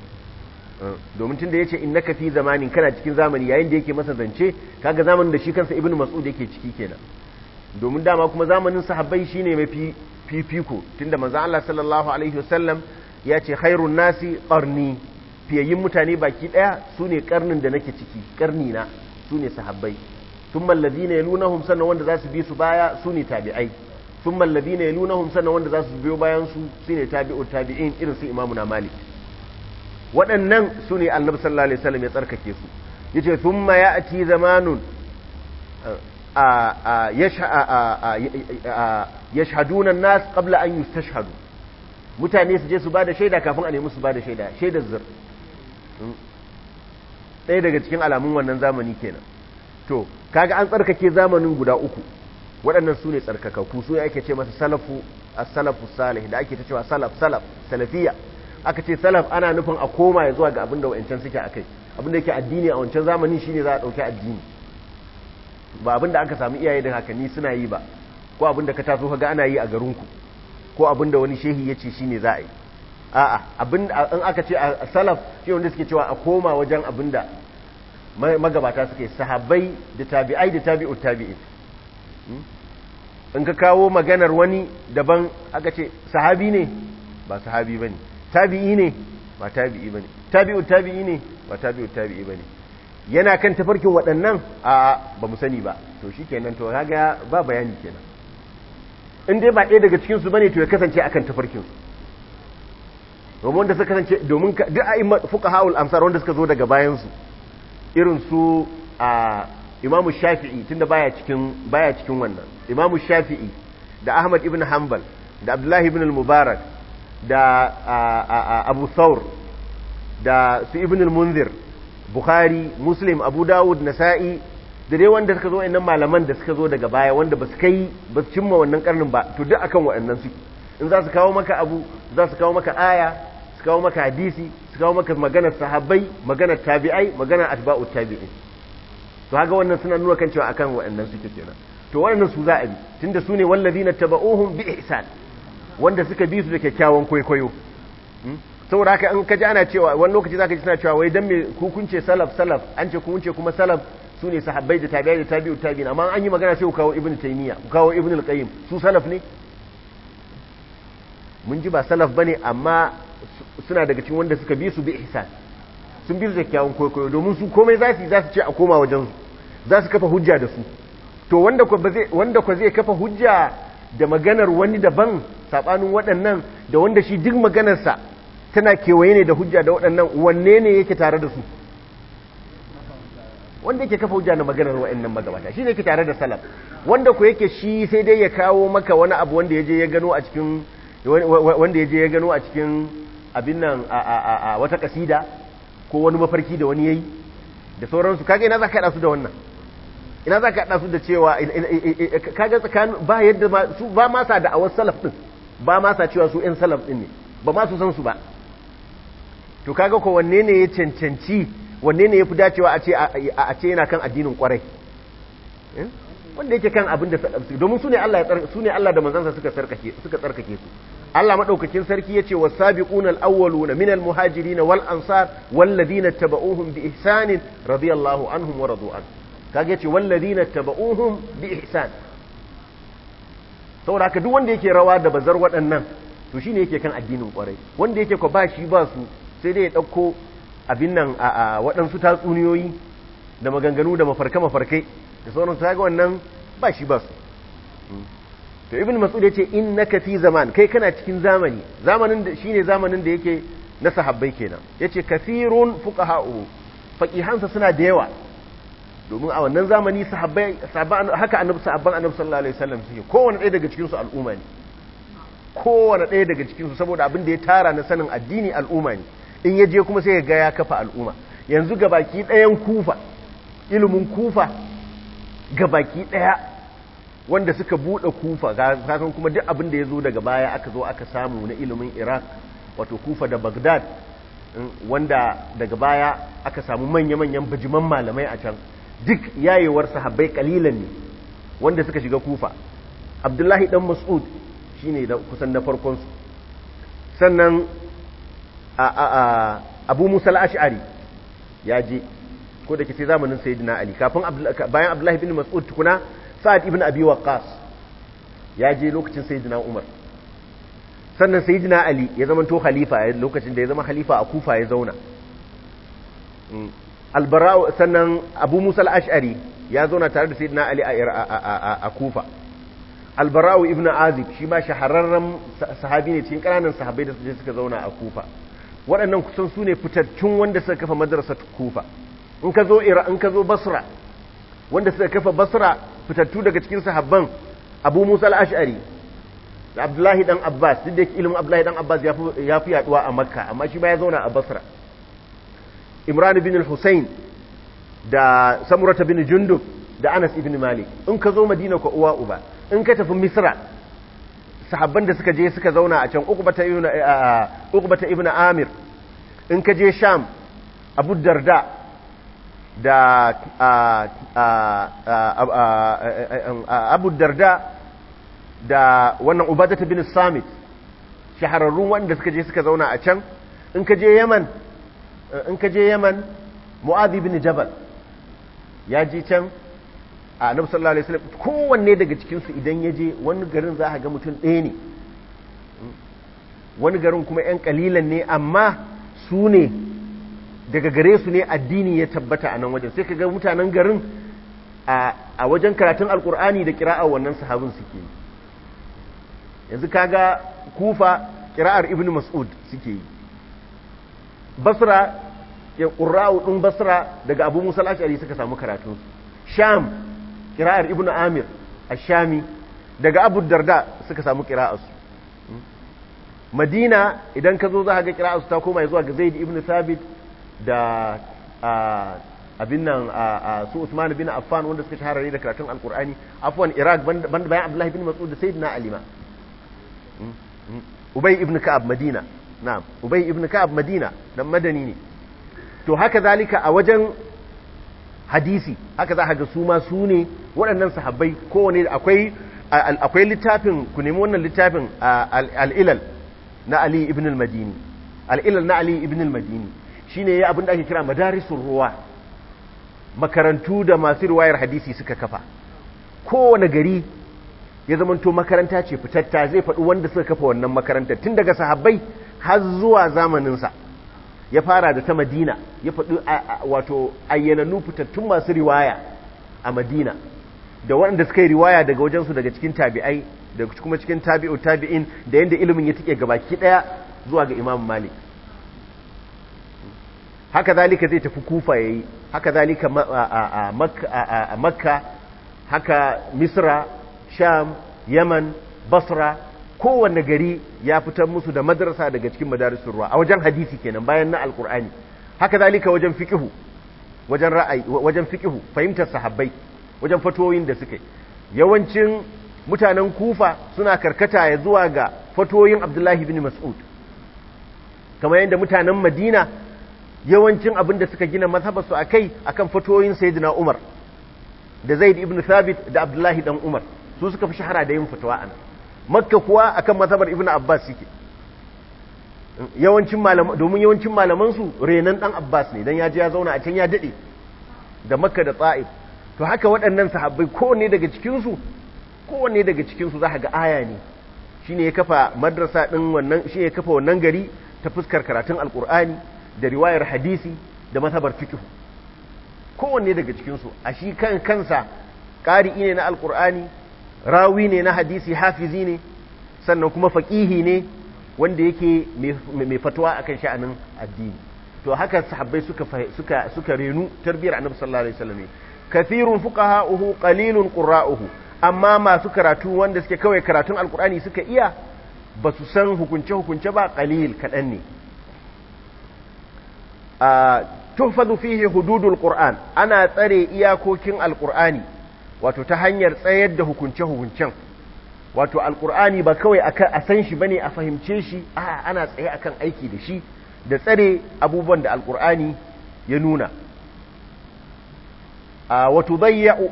eh, domin tun da ya ce in na kafi zamanin kana cikin zamani yayin da yake masa zance kaga zamanin da shi kansa ibn mas'ud yake ciki kenan domin dama kuma zamanin sahabbai shine mafi fifiko tunda manzo Allah sallallahu alaihi wasallam ya ce khairun nasi ƙarni fiyayyin mutane baki ɗaya su ne ƙarnin da nake ciki ƙarni na su ne sahabbai sun mallazi ne lunahum sannan wanda za su bi su baya su ne tabi'ai sun mallazi ne lunahum sannan wanda za su biyo bayan su su ne tabi'u tabi'in irin su imamu na malik waɗannan su ne annabi sallallahu alaihi wasallam ya tsarkake su yace thumma ya'ti zamanun a yashhaduna an-nas qabla an yustashhadu mutane su je su ba da shaida kafin a nemi su ba da shaida shaidar zir hmm. ɗaya daga cikin alamun wannan zamani kenan to kaga an tsarkake zamanin guda uku waɗannan su ne tsarkakaku su ne ake ce masa salafu a salafu salih da ake ta cewa salaf salaf salafiya aka ce salaf ana nufin a koma ya zuwa ga abin da wancan suke kai abin da yake addini a wancan zamani shine za a ɗauki addini ba abin da aka samu iyaye da hakanni suna yi ba ko abin da ka taso ga ana yi a garinku ko abin da wani shehi ya ce ne za a yi a'a abin in aka ce a salaf shi wanda suke cewa a koma wajen abin da magabata suke sahabbai da tabi'ai da tabi'u tabi'i hmm? in ka kawo maganar wani daban aka ce sahabi ne ba sahabi bane tabi'i ne ba tabi'i bane tabi'u tabi'i ne ba tabi'u tabi'i bane yana kan tafarkin waɗannan a ba mu sani ba to shi kenan to kaga ba bayani kenan in dai ba ɗaya daga cikinsu ba bane to ya kasance akan tafarkin domin wanda suka kasance domin duk a'imma fuqahaul amsar wanda suka zo daga bayan irin su a Imam Shafi'i tunda baya cikin baya cikin wannan imamu Shafi'i da Ahmad ibn Hanbal da Abdullah ibn al-Mubarak da Abu Thawr da su ibn al-Munzir Bukhari Muslim Abu Dawud Nasa'i da dai wanda suka zo wa'annan malaman da suka zo daga baya wanda ba su kai ba su cimma wannan karnin ba to duk akan wa'annan su in za su kawo maka abu za su kawo maka aya su kawo maka hadisi su kawo maka maganar sahabbai maganar tabi'ai maganar atba'u tabi'in to haka wannan suna nuna kan cewa akan wa'annan su ke kenan to wa'annan su za a bi tunda su ne wallazina taba'uhum bi ihsan wanda suka bi su da kyakkyawan kwaikwayo hmm? saboda haka in ka ji ana cewa wani lokaci zaka ji suna cewa wai dan me ku kunce salaf salaf an ce ku kunce kuma salaf su ne sahabbai da tabi'ai da tabi'u tabi'in amma an yi magana sai ku kawo ibnu taymiya ku kawo ibnu al-qayyim su salaf ne mun ji ba salaf bane amma suna daga cikin wanda suka bi su bi ihsan sun bi su da kyawun koyo domin su komai za su za su ce a koma wajen su za su kafa hujja da su to wanda ku ba zai wanda ku zai kafa hujja da maganar wani daban sabanin waɗannan da wanda shi duk maganarsa tana kewaye ne da hujja da waɗannan wanne ne yake tare da su wanda yake kafa hujja na maganar wa'annan magabata shine yake tare da salaf wanda ku yake shi sai dai ya kawo maka wani abu wanda yaje ya gano a cikin wanda yaje ya gano a cikin abin nan a wata kasida ko wani mafarki da wani yayi da sauransu kaga ina zaka hada su da wannan ina zaka hada su da cewa kage tsakan ba yadda ba su ba ma sa da awas salaf din ba ma sa cewa su ɗan salaf din ne ba ma su san su ba to kaga ko wanne ne ya cancanci wanne ne ya fi dacewa a ce yana kan addinin kwarai eh? wanda yake kan abin da domin su ne Allah da manzansa suka tsarkake su Allah maɗaukakin sarki ya ce wa ƙunar awwalu na minal muhajiri na wal ansar na taba'uhun bi ihsanin radiyallahu anhum wa radu'an kaga ce na taba'uhun bi ihsan saboda ka duk wanda yake rawa da bazar waɗannan to shine yake kan addinin kwarai wanda yake ko ba shi ba su sai dai ya ɗauko abin nan a waɗansu tatsuniyoyi da maganganu da mafarka-mafarkai da sauran ta ga wannan ba shi ba su hmm. to ibn mas'ud ya ce in na kafi zaman kai kana cikin zamani zamanin da shine zamanin da yake na sahabbai kenan Ya ce kafirun fuka fuqaha'u faqihansa suna da yawa domin a wannan zamani sahabbai haka annabi sahabban annabi sallallahu alaihi wasallam suke Kowane ɗaya daga cikinsu al'umma ne Kowane ɗaya daga cikinsu saboda abin da ya tara na sanin addini al'umma ne in ya je kuma sai ya ga ya kafa al'umma yanzu ga baki ɗayan kufa ilimin kufa ga baki ɗaya wanda suka buɗe kufa kasan kuma duk abin da ya zo daga baya aka zo aka samu na ilimin iraq wato kufa da bagdad mm, wanda daga baya aka samu manya-manyan bajiman malamai a can duk yayewar sahabbai kalilan ne wanda suka shiga kufa abdullahi dan mas'ud shine da kusan na farkonsu sannan abu musa al'ash'ari ya je ko da ke sai zamanin sayidina ali kafin bayan abdullahi ibn mas'ud tukuna sa'ad ibn abi waqqas ya je lokacin sayidina umar sannan sayidina ali ya zama to khalifa lokacin da ya zama khalifa a kufa ya zauna mm. albara'u sannan abu musa al'ash'ari ya zauna tare da sayidina ali a kufa albara'u ibn azib shi ma shahararren sahabi ne cikin ƙananan sahabai da suka zauna a kufa waɗannan kusan su ne fitattun wanda suka kafa madarasa kufa in ka zo ira in ka zo basra wanda suka kafa basra fitattu daga cikin sahabban abu musa al'ashari da abdullahi dan abbas duk da ilimin abdullahi dan abbas ya fi yaduwa a makka amma shi ba ya zauna a basra imran bin al-husayn da samurata bin jundub da anas ibn malik in ka zo madina ko uwa uba in ka tafi misra sahabban da suka je suka zauna a can ukubata eh, eh, eh, ibn amir in ka je sham abu darda da ah, ah, ah, abu darda da wannan ubadata bin samit shahararrun wanda suka je suka zauna a can in ka je yaman in ka je yaman mu'adhi bin jabal ya ji can a annabi sallallahu alaihi wasallam kowanne daga cikinsu idan ya je wani garin za a ga mutum ɗaya ne wani garin kuma yan kalilan ne amma su ne daga gare su ne addini ya tabbata a nan wajen sai ka ga mutanen garin a wajen karatun alkur'ani da kira'a wannan sahabin suke yi yanzu ga kufa kira'ar ibn mas'ud suke yi basra ya ƙura'u ɗin basra daga abu musa al'ashari suka samu karatunsu sham kira'ar Ibn amir a Shami daga abu darda suka samu kira'arsu madina idan ka zo za ga kira'arsu ta koma zuwa ga zaid ibn sabit da abin nan su usman bin affan wanda suka shahararri da karatun alkur'ani afwan iraq banda bayan abdullahi bin mas'ud da na alima hmm, hmm. ubay ibn ka'ab madina na, ubay ibn ka'ab madina dan madani ne to haka zalika a wajen hadisi haka za a ga su ma su ne waɗannan sahabbai kowane akwai akwai littafin ku nemi wannan littafin al'ilal na ali ibn al-madini al'ilal na ali ibn al-madini shine ya abin da ake kira madarisun ruwa makarantu da masu riwayar hadisi suka kafa kowane gari ya zamanto makaranta ce fitatta zai faɗi wanda suka kafa wannan makaranta tun daga sahabbai har zuwa zamaninsa sa ya fara da ta madina ya faɗi wato ayyananu fitattun masu riwaya a madina da waɗanda suka yi riwaya daga wajensu daga cikin tabi'ai da kuma cikin tabi'u tabi'in da yadda ilimin ya tike gabaki ɗaya zuwa ga imam malik haka zalika zai tafi kufa ya yi haka zalika makka haka misra sham yaman basra kowanne gari ya fitar musu da madarasa daga cikin madarisun ruwa a wajen hadisi kenan bayan na alkur'ani haka zalika wajen fikihu wajen ra'ayi wajen fiqhu fahimtar sahabbai wajen fatoyin da suke yawancin mutanen kufa suna karkata ya zuwa ga fatoyin abdullahi ibn mas'ud kamar yadda mutanen madina yawancin abin da suka gina mazhabarsu a kai akan fatoyin sayyidina umar da zaid ibn thabit da abdullahi dan umar su suka fi shahara da yin fatawa nan. makka kuwa akan mazhabar ibnu abbas suke yawancin malaman domin yawancin malaman su renan dan abbas ne dan ya je ya zauna a can ya dade da makka da tsa'i to haka waɗannan sahabbai kowanne daga cikin su kowanne daga cikin su za ga aya ne shine ya kafa madrasa din wannan shi ya kafa wannan gari ta fuskar karatun alqur'ani da riwayar hadisi da mazhabar fiqh kowanne daga cikin su a shi kan kansa ƙari'i ne na alqur'ani rawi ne na hadisi hafizi ne sannan kuma faƙihi ne wanda yake mai fatuwa akan sha'anin addini to haka sahabbai suka suka suka renu tarbiyar annabi sallallahu alaihi wasallam kathirun fuqaha'uhu qalilun qurra'uhu amma masu karatu wanda suke kawai karatun alqur'ani suka iya ba su san hukunce hukunce ba qalil kadan ne a ah, tuhfadu fihi hududul qur'an ana tsare iyakokin alqur'ani wato ta hanyar tsayar da hukunce-hukuncen wato alkur'ani ba kawai a san shi bane a fahimce shi a ana tsaye akan aiki da shi da tsare abubuwan da alkur'ani ya nuna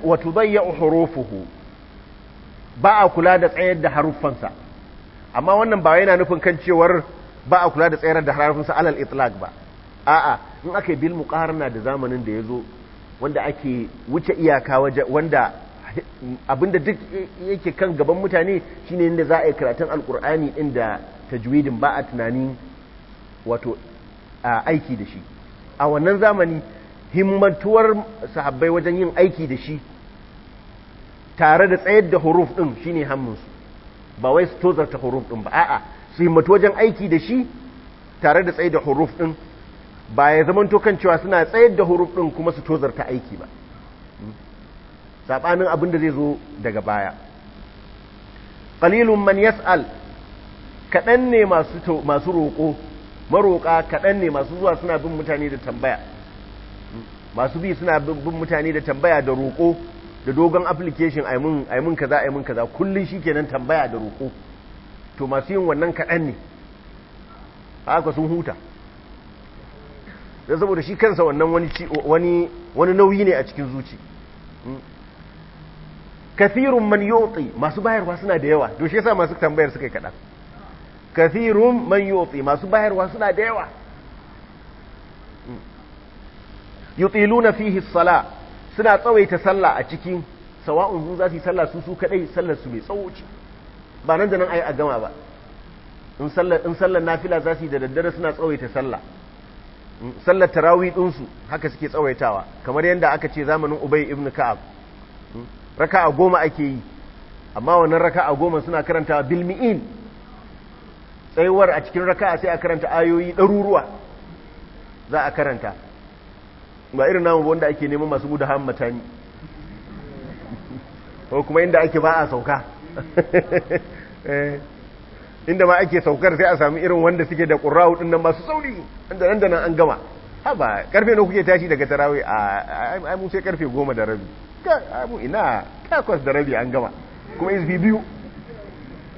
wato zayya'u hurufuhu ba a kula da tsayar da haruffansa amma wannan ba yana nufin kan cewar ba a kula da tsayar da haruffansa alal itlaq ba a'a in aka yi bil na da zamanin da ya zo wanda ake wuce iyaka wanda abinda duk yake kan gaban mutane shine inda za a yi karatun alkur'ani inda tajwidin ba a tunanin wato aiki da shi a wannan zamani himmatuwar sahabbai wajen yin aiki da shi tare da tsayar da huruf ɗin shine hannunsu ba wai su tozarta huruf ɗin ba a'a su himmatu wajen aiki da shi tare da tsayar da huruf ɗin ba ya zaman kan cewa suna tsayar da huruf ɗin kuma su tozarta aiki ba saɓanin abin da zai zo daga baya ƙalilun man yas'al kaɗan ne masu roƙo maroƙa kaɗan ne masu zuwa suna bin mutane da tambaya masu bi suna bin mutane da tambaya da roƙo da dogon application aimin kaza aimin kaza kullum shi kenan tambaya da roƙo to masu yin wannan kaɗan ne haka sun huta don saboda shi kansa wannan wani nauyi ne a cikin zuci hmm. kathirun man yotsi masu bayarwa suna da yawa to shi yasa masu tambayar suka yi kaɗan kathirun man yotsi masu bayarwa suna da yawa hmm. yutiluna fihi sala suna tsawaita sallah a cikin sawa'un sun za su yi sallah su su kadai sallar su mai tsawo ce ba nan da nan ayi a gama ba in sallar in sallar nafila za su yi da daddare suna tsawaita sallah sallar tarawih ɗinsu haka suke tsawaitawa kamar yadda aka ce zamanin ubay ibn ka'ab hmm? raka'a goma ake yi amma wannan raka'a goma suna karanta bilmi'in tsayuwar a cikin raka'a sai a karanta ayoyi daruruwa za a karanta ba irin namu wanda ake neman masu gudu hawan matani ko kuma inda ake ba a sauka eh. inda ma ake saukar sai a sami irin wanda suke da ƙura'u ɗin nan masu sauri inda nan da nan an gama haba karfe na kuke tashi daga tarawai a ai mun sai karfe goma da rabi ka ina takwas da rabi an gama kuma izbi biyu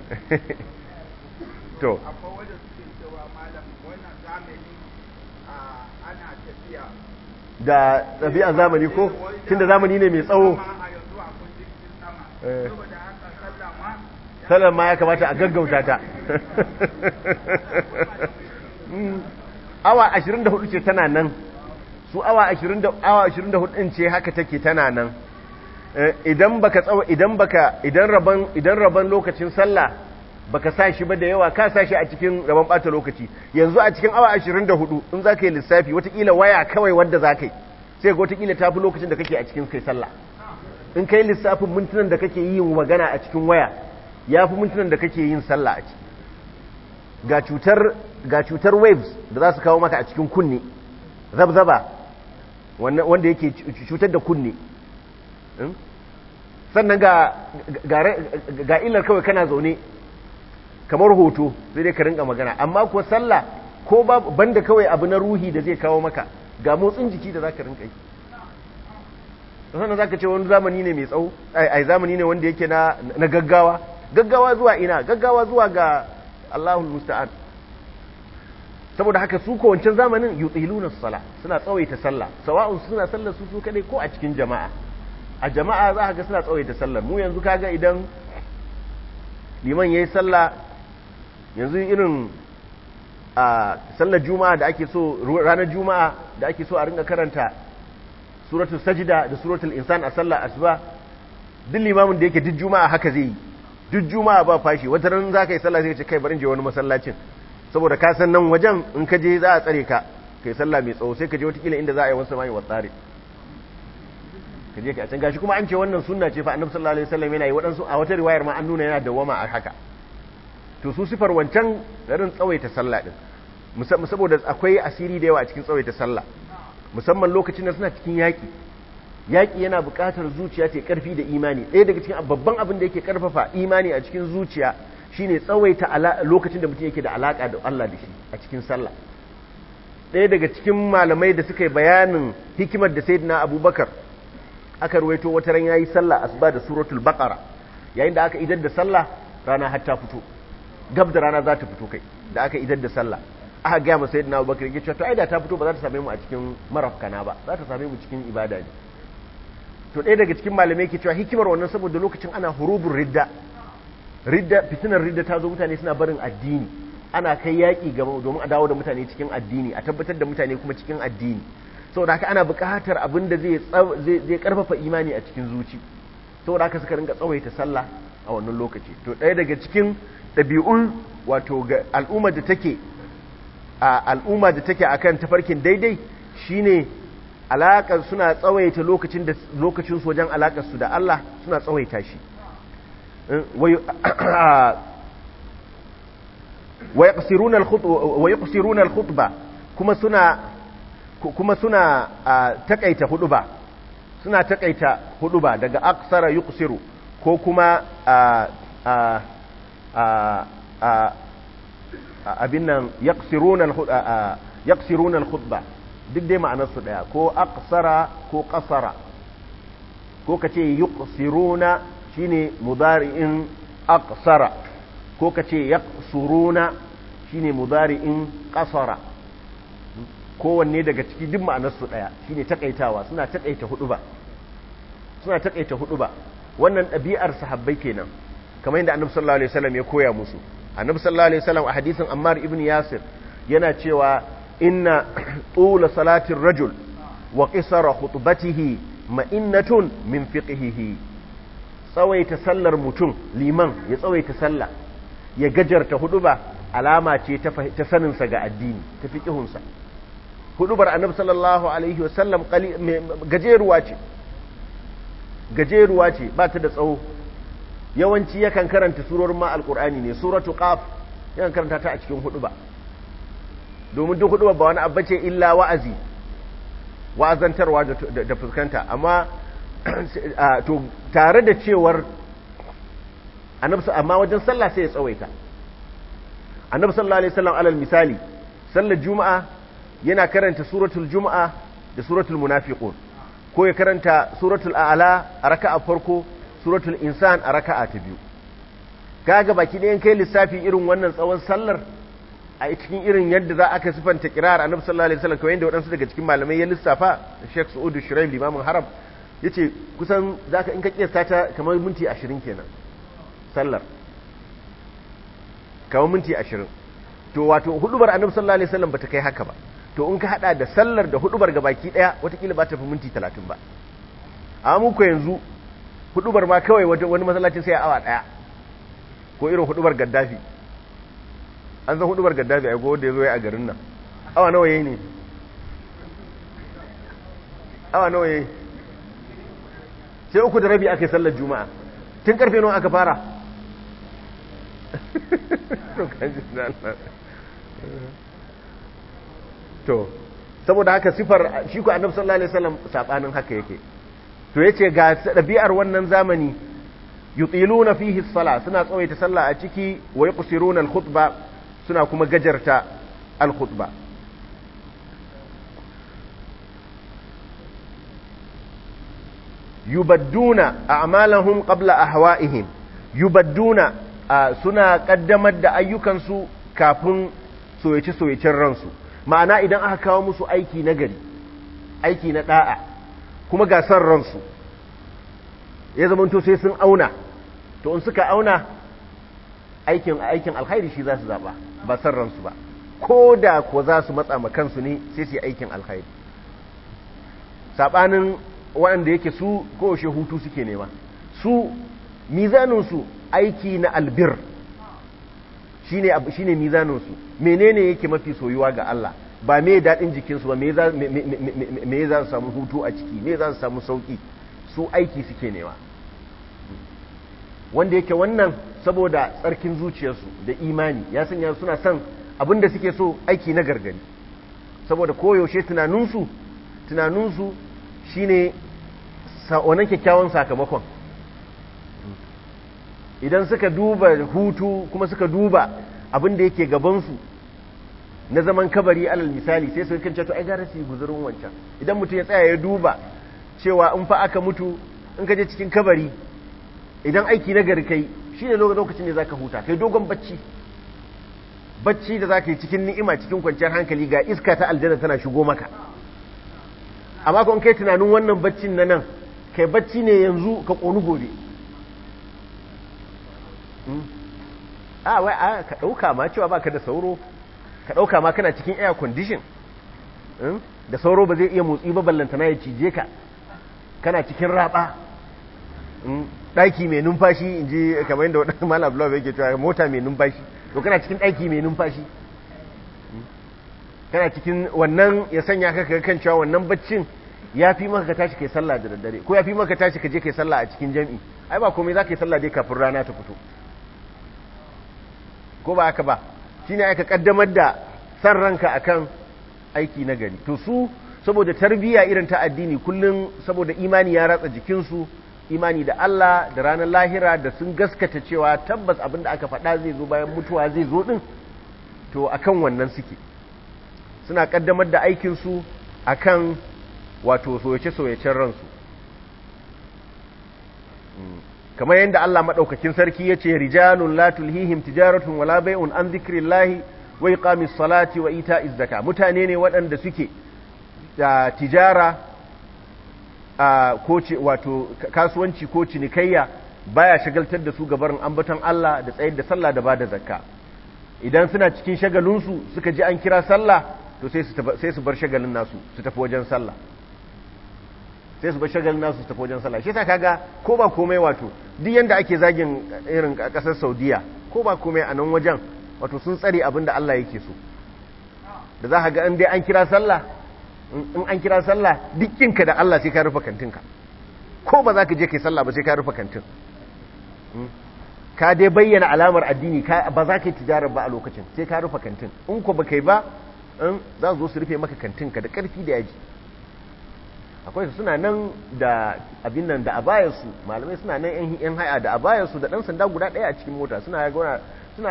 to da tafiya zamani ko tunda zamani ne mai tsawo sallar ma ya kamata a gaggauta ta awa 24 ce tana nan su awa 24 din ce haka take tana nan eh, idan baka tsawo idan baka idan raban idan raban lokacin sallah baka sa shi ba da yawa ka sa shi a cikin raban bata lokaci yanzu a cikin awa 24 in ka yi lissafi watakila waya kawai wanda ka yi sai ga watakila fi lokacin da kake a cikin kai sallah in kai lissafin mintunan da kake yi magana a cikin waya ya fi mintunan da kake yin sallah a ciki ga cutar waves da za su kawo maka a cikin kunni zabzaba wanda yake cutar da kunni hmm? sannan ga illar kawai kana zaune kamar hoto sai dai ka rinka magana amma kuwa sallah ko banda kawai abu na ruhi da zai kawo maka ga motsin jiki da za ka rinka yi sannan za ka ce wani zamani ne mai tsawo ai zamani ne wanda yake na gaggawa gaggawa zuwa ina gaggawa zuwa ga Allahul musta'an saboda haka su ko wancan zamanin yutiluna sala suna tsawaita sallah sawa'un suna sallar su su kadai ko a cikin jama'a a jama'a za ka ga suna tsawaita sallar mu yanzu kaga idan liman yayi sallah yanzu irin a sallar juma'a da ake so ranar juma'a da ake so a ringa karanta suratul sajda da suratul insan a sallar asuba duk limamin da yake duk juma'a haka zai yi duk juma'a ba fashi wata ran za ka yi sallah sai ce kai barin je wani masallacin saboda ka san nan wajen in ka je za a tsare ka kai sallah mai tsawo sai ka je watakila inda za a yi wasu mai wa tsare ka je ka can gashi kuma an ce wannan sunna ce fa annabi sallallahu alaihi wasallam yana yi waɗansu a wata riwayar ma an nuna yana da wama a haka to su sifar wancan garin tsawaita sallah din saboda akwai asiri da yawa a cikin tsawaita sallah musamman lokacin da suna cikin yaki yaƙi yana buƙatar zuciya ta ƙarfi da imani ɗaya daga cikin babban abin da yake ƙarfafa imani a cikin zuciya shine tsawaita lokacin da mutum yake da alaƙa da Allah da shi a cikin sallah ɗaya daga cikin malamai da suka yi bayanin hikimar da sayyidina abubakar aka ruwaito wata ran yayi sallah asuba da suratul baqara yayin da aka idar da sallah rana har ta fito gab da rana za ta fito kai da aka idar da sallah aka gaya masa sayyidina abubakar ya ce to ai da ta fito ba za ta same mu a cikin marafkana ba za ta same mu cikin ibada ne to ɗaya daga cikin malamai ke cewa hikimar wannan saboda lokacin ana hurubun ridda ridda fitinar ridda ta zo mutane suna barin addini ana kai yaƙi gaba domin a dawo da mutane cikin addini a tabbatar da mutane kuma cikin addini saboda haka ana buƙatar abin da zai ƙarfafa imani a cikin zuci saboda haka suka ringa tsawaita sallah a wannan lokaci to ɗaya daga cikin ɗabi'un wato ga al'umma da take a al'umma da take akan tafarkin daidai shine alaƙar suna tsawaita lokacin da lokacin su da Allah suna tsawaita shi eh, wa yaqsiruna al-khutba kuma suna kuma suna takaita huduba suna takaita huduba daga aksara yuqsiru ko kuma abin nan yaqsiruna al-khutba duk dai ma'anarsu ɗaya ko aqsara ko ƙasara ko ka ce yuqsiruna shine mudari'in aqsara ko ka ce yaqsuruna shine mudari'in ƙasara kowanne daga ciki duk ma'anarsu ɗaya shine takaitawa suna takaita hudu ba suna takaita hudu ba wannan ɗabi'ar sahabbai kenan kamar yadda annabi sallallahu alaihi wasallam ya koya musu annabi sallallahu alaihi wasallam a hadisin Ammar ibn Yasir yana cewa inna tula salatin rajul wa qisara khutbatihi ma'innatun min fiqhihi tsawaita sallar mutum liman ya tsawaita sallah ya gajarta huduba alama ce ta saninsa ga addini ta fiqhunsa hudubar annabi sallallahu alaihi wasallam gajeruwa ce gajeruwa ce ba ta da tsawo yawanci yakan karanta surorin ma alkur'ani ne suratu ƙaf yakan karanta ta a cikin hudu ba domin duk hudu ba wani abace ce illa wa'azi wa'azantarwa da fuskanta amma to tare da cewar annabsu amma wajen sallah sai ya tsawaita annabi sallallahu alaihi wasallam alal misali sallar juma'a yana karanta suratul juma'a da suratul munafiqun ko ya karanta suratul a'la a raka'a farko suratul insan a raka'a ta biyu kaga baki ɗayan kai lissafi irin wannan tsawon sallar a cikin irin yadda za a ka sifanta kirar annabi sallallahu alaihi wasallam kamar yadda waɗansu daga cikin malamai ya lissafa Sheikh Saud shira'i limamin haram yace kusan zaka in ka kiyasta ta kamar minti 20 kenan sallar kamar minti 20 to wato hudubar annabi sallallahu alaihi wasallam bata kai haka ba to in ka hada da sallar da hudubar gabaki daya watakila ba ta fi minti 30 ba amma muku yanzu hudubar ma kawai wani masallacin sai awa daya ko irin hudubar gaddafi an san hudubar gaddafi a gode zo ya a garin nan awa nawa yayi ne awa nawa yayi sai uku da rabi aka yi sallar juma'a tun karfe nawa aka fara to saboda haka sifar shi ku annabi sallallahu alaihi wasallam sabanin haka yake to yace ga dabi'ar wannan zamani yutiluna fihi as-sala suna tsawaita sallah a ciki wa yuqsiruna al khutbah suna kuma gajarta al-khutba yubadduna a'malahum qabla ahwa'ihim yubadduna suna kaddamar da ayyukansu kafin soyace-soyacen ransu ma'ana idan aka kawo musu aiki na gari aiki na da'a kuma ga gasar ransu ya zamanto sai sun auna to in suka auna aikin aikin alkhairi shi za su zaba ba san ransu ba ko da ko za su matsa ma kansu ne sai su aikin alkhairi saɓanin waɗanda yake su kowace hutu suke nema su mizaninsu aiki na albir shine mizaninsu menene yake mafi soyuwa ga Allah ba me daɗin jikinsu ba me za su samu hutu a ciki me za su samu sauƙi su aiki suke nema wanda yake wannan saboda tsarkin zuciyarsu da imani ya sanya suna son abin da suke so aiki na gargari saboda koyaushe tunaninsu tunaninsu shine wannan kyakkyawan sakamakon idan suka duba hutu kuma suka duba abinda da yake gabansu na zaman kabari alal misali sai su kan to ai gara su yi wancan idan mutum ya tsaya ya duba cewa in fa aka mutu in ka je cikin kabari idan aiki na gari kai shi ne lokacin da za ka huta kai dogon bacci bacci da za ka yi cikin ni'ima cikin kwanciyar hankali ga iska ta aljanna tana shigo maka amma kun kai tunanin wannan baccin na nan kai bacci ne yanzu ka ƙonu gobe hmm? a wai a ka ɗauka ma cewa baka da sauro ka ɗauka ma kana cikin air condition hmm? da sauro ba zai iya motsi ba ballantana ya cije ka kana cikin raba Hmm? ɗaki mai numfashi in ji kamar yadda waɗanda mala blog yake cewa mota mai numfashi to kana cikin ɗaki mai numfashi hmm? kana cikin wannan ya sanya ka kan cewa wannan baccin ya fi maka ka tashi kai sallah da daddare ko ya fi maka tashi ka je kai sallah a cikin jami'i ai ba komai za ka yi sallah dai kafin rana ta fito ko ba aka ba shi ne aka kaddamar da san ranka akan aiki na gari to su saboda tarbiyya irin ta addini kullum saboda imani ya ratsa jikinsu imani da Allah da ranar lahira da sun gaskata cewa tabbas abin da aka faɗa zai zo bayan mutuwa zai zo ɗin to akan wannan suke suna ƙaddamar da aikinsu akan wato soyace-soyacen ransu kamar yadda Allah maɗaukakin sarki ya ce rijalun latul hihim tijaratun wala bai'un an zikirin lahi wai ƙamis salati wa ita izzaka mutane ne waɗanda suke da tijara ko wato kasuwanci ko cinikayya baya shagaltar da su gabarin ambaton Allah da tsayar da sallah da bada zakka idan suna cikin shagalinsu suka ji an kira sallah to sai su bar shagalin nasu su tafi wajen sallah sai su bar shagalin nasu su tafi wajen sallah shi yasa kaga ko ba komai wato duk yanda ake zagin irin kasar Saudiya ko ba komai a nan wajen wato sun tsare abin da Allah yake so da za ka ga in dai an kira sallah in an kira sallah dukkinka da Allah sai ka rufe kantinka ko ba za ka je kai sallah ba sai ka rufe kantin hmm? ka dai bayyana alamar addini ba za ka yi tijarar ba a lokacin sai ka rufe kantin in ko ba kai ba hmm, za zo su rufe maka kantinka da ƙarfi da yaji akwai suna nan da abin nan da su malamai suna nan yan haya da su da dan sanda guda daya a cikin mota suna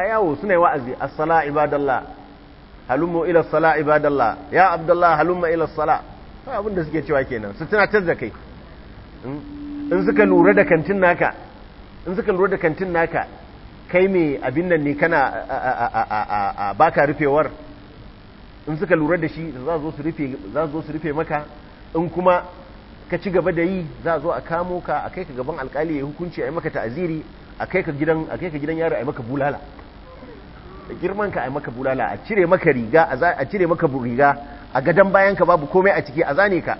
yawo suna yi wa'azi assala ibadallah halumma ila sala ibadallah ya abdullah halumma ila sala to abin da suke cewa kenan su tunatar da kai hmm? in suka lura da kantin naka in suka lura da kantin naka kai me abin nan ne kana baka rufewar in suka lura da shi za zo su rufe za zo su rufe maka in kuma ka ci gaba da yi za zo a kamo ka a kai ka gaban alkali ya hukunci a yi maka ta'aziri a kai ka gidan a kai ka gidan yaro a yi maka bulala da girman ka ai maka bulala a cire maka riga a cire maka riga a gadan bayan ka babu komai a ciki a zane ka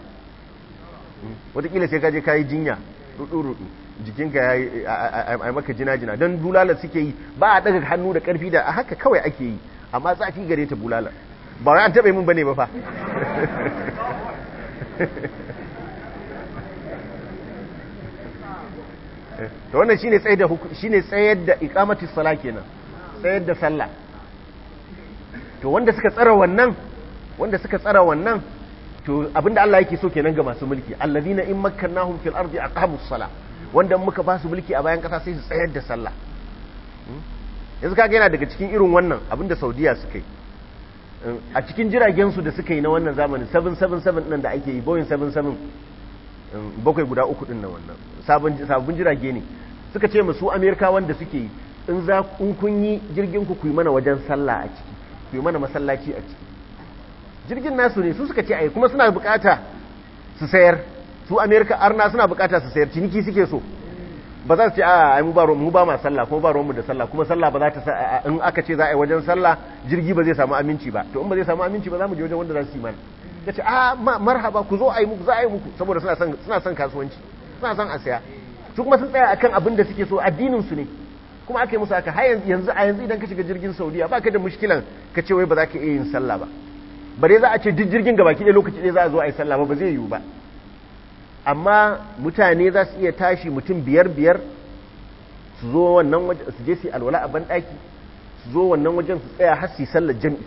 wataƙila sai ka je jinya rudu rudu jikinka ya ai maka jina jina don bulala suke yi ba a daga hannu da karfi da haka kawai ake yi amma zafi gare ta bulala ba wai an taɓa mun bane ba fa to wannan shine tsayar da shine tsayar da iqamatis sala kenan tsayar da sallah to wanda suka tsara wannan wanda suka tsara wannan to abinda Allah yake so kenan ga masu mulki allazina in makkannahum fil ardi aqamus sala wanda muka ba su mulki a bayan kasa sai su tsayar da sallah hmm? yanzu kaga yana daga cikin irin wannan abinda Saudiya suka yi a cikin jiragen su da suka yi na wannan zamanin 777 din da ake yi Boeing 77 um, bakwai guda uku din nan wannan sabon sabon jirage ne suka ce su Amerika wanda suke yi in za in kun yi jirgin ku ku yi mana wajen sallah a ciki ku yi mana masallaci a ciki jirgin nasu ne su suka ce ai kuma suna bukata su sayar su america arna suna bukata su sayar ciniki suke so ba za su ce a mu ba mu ba ma sallah kuma ba ruwanmu da sallah kuma sallah ba za ta in aka ce za a yi wajen sallah jirgi ba zai samu aminci ba to in ba zai samu aminci ba za mu je wajen wanda za su yi mana ya ce a marhaba ku zo a yi muku za a yi muku saboda suna son kasuwanci suna son a saya su kuma sun tsaya akan abin da suke so addinin su ne kuma aka yi musu haka yanzu a yanzu idan ka shiga jirgin saudiya ba ka da mushkilan ka ce wai ba za ka iya yin sallah ba bare za a ce duk jirgin gabaki ɗaya lokaci ɗaya za a zo a yi sallah ba ba zai yiwu ba amma mutane za su iya tashi mutum biyar biyar su zo wannan wajen su je su alwala a banɗaki su zo wannan wajen su tsaya har su yi sallar jam'i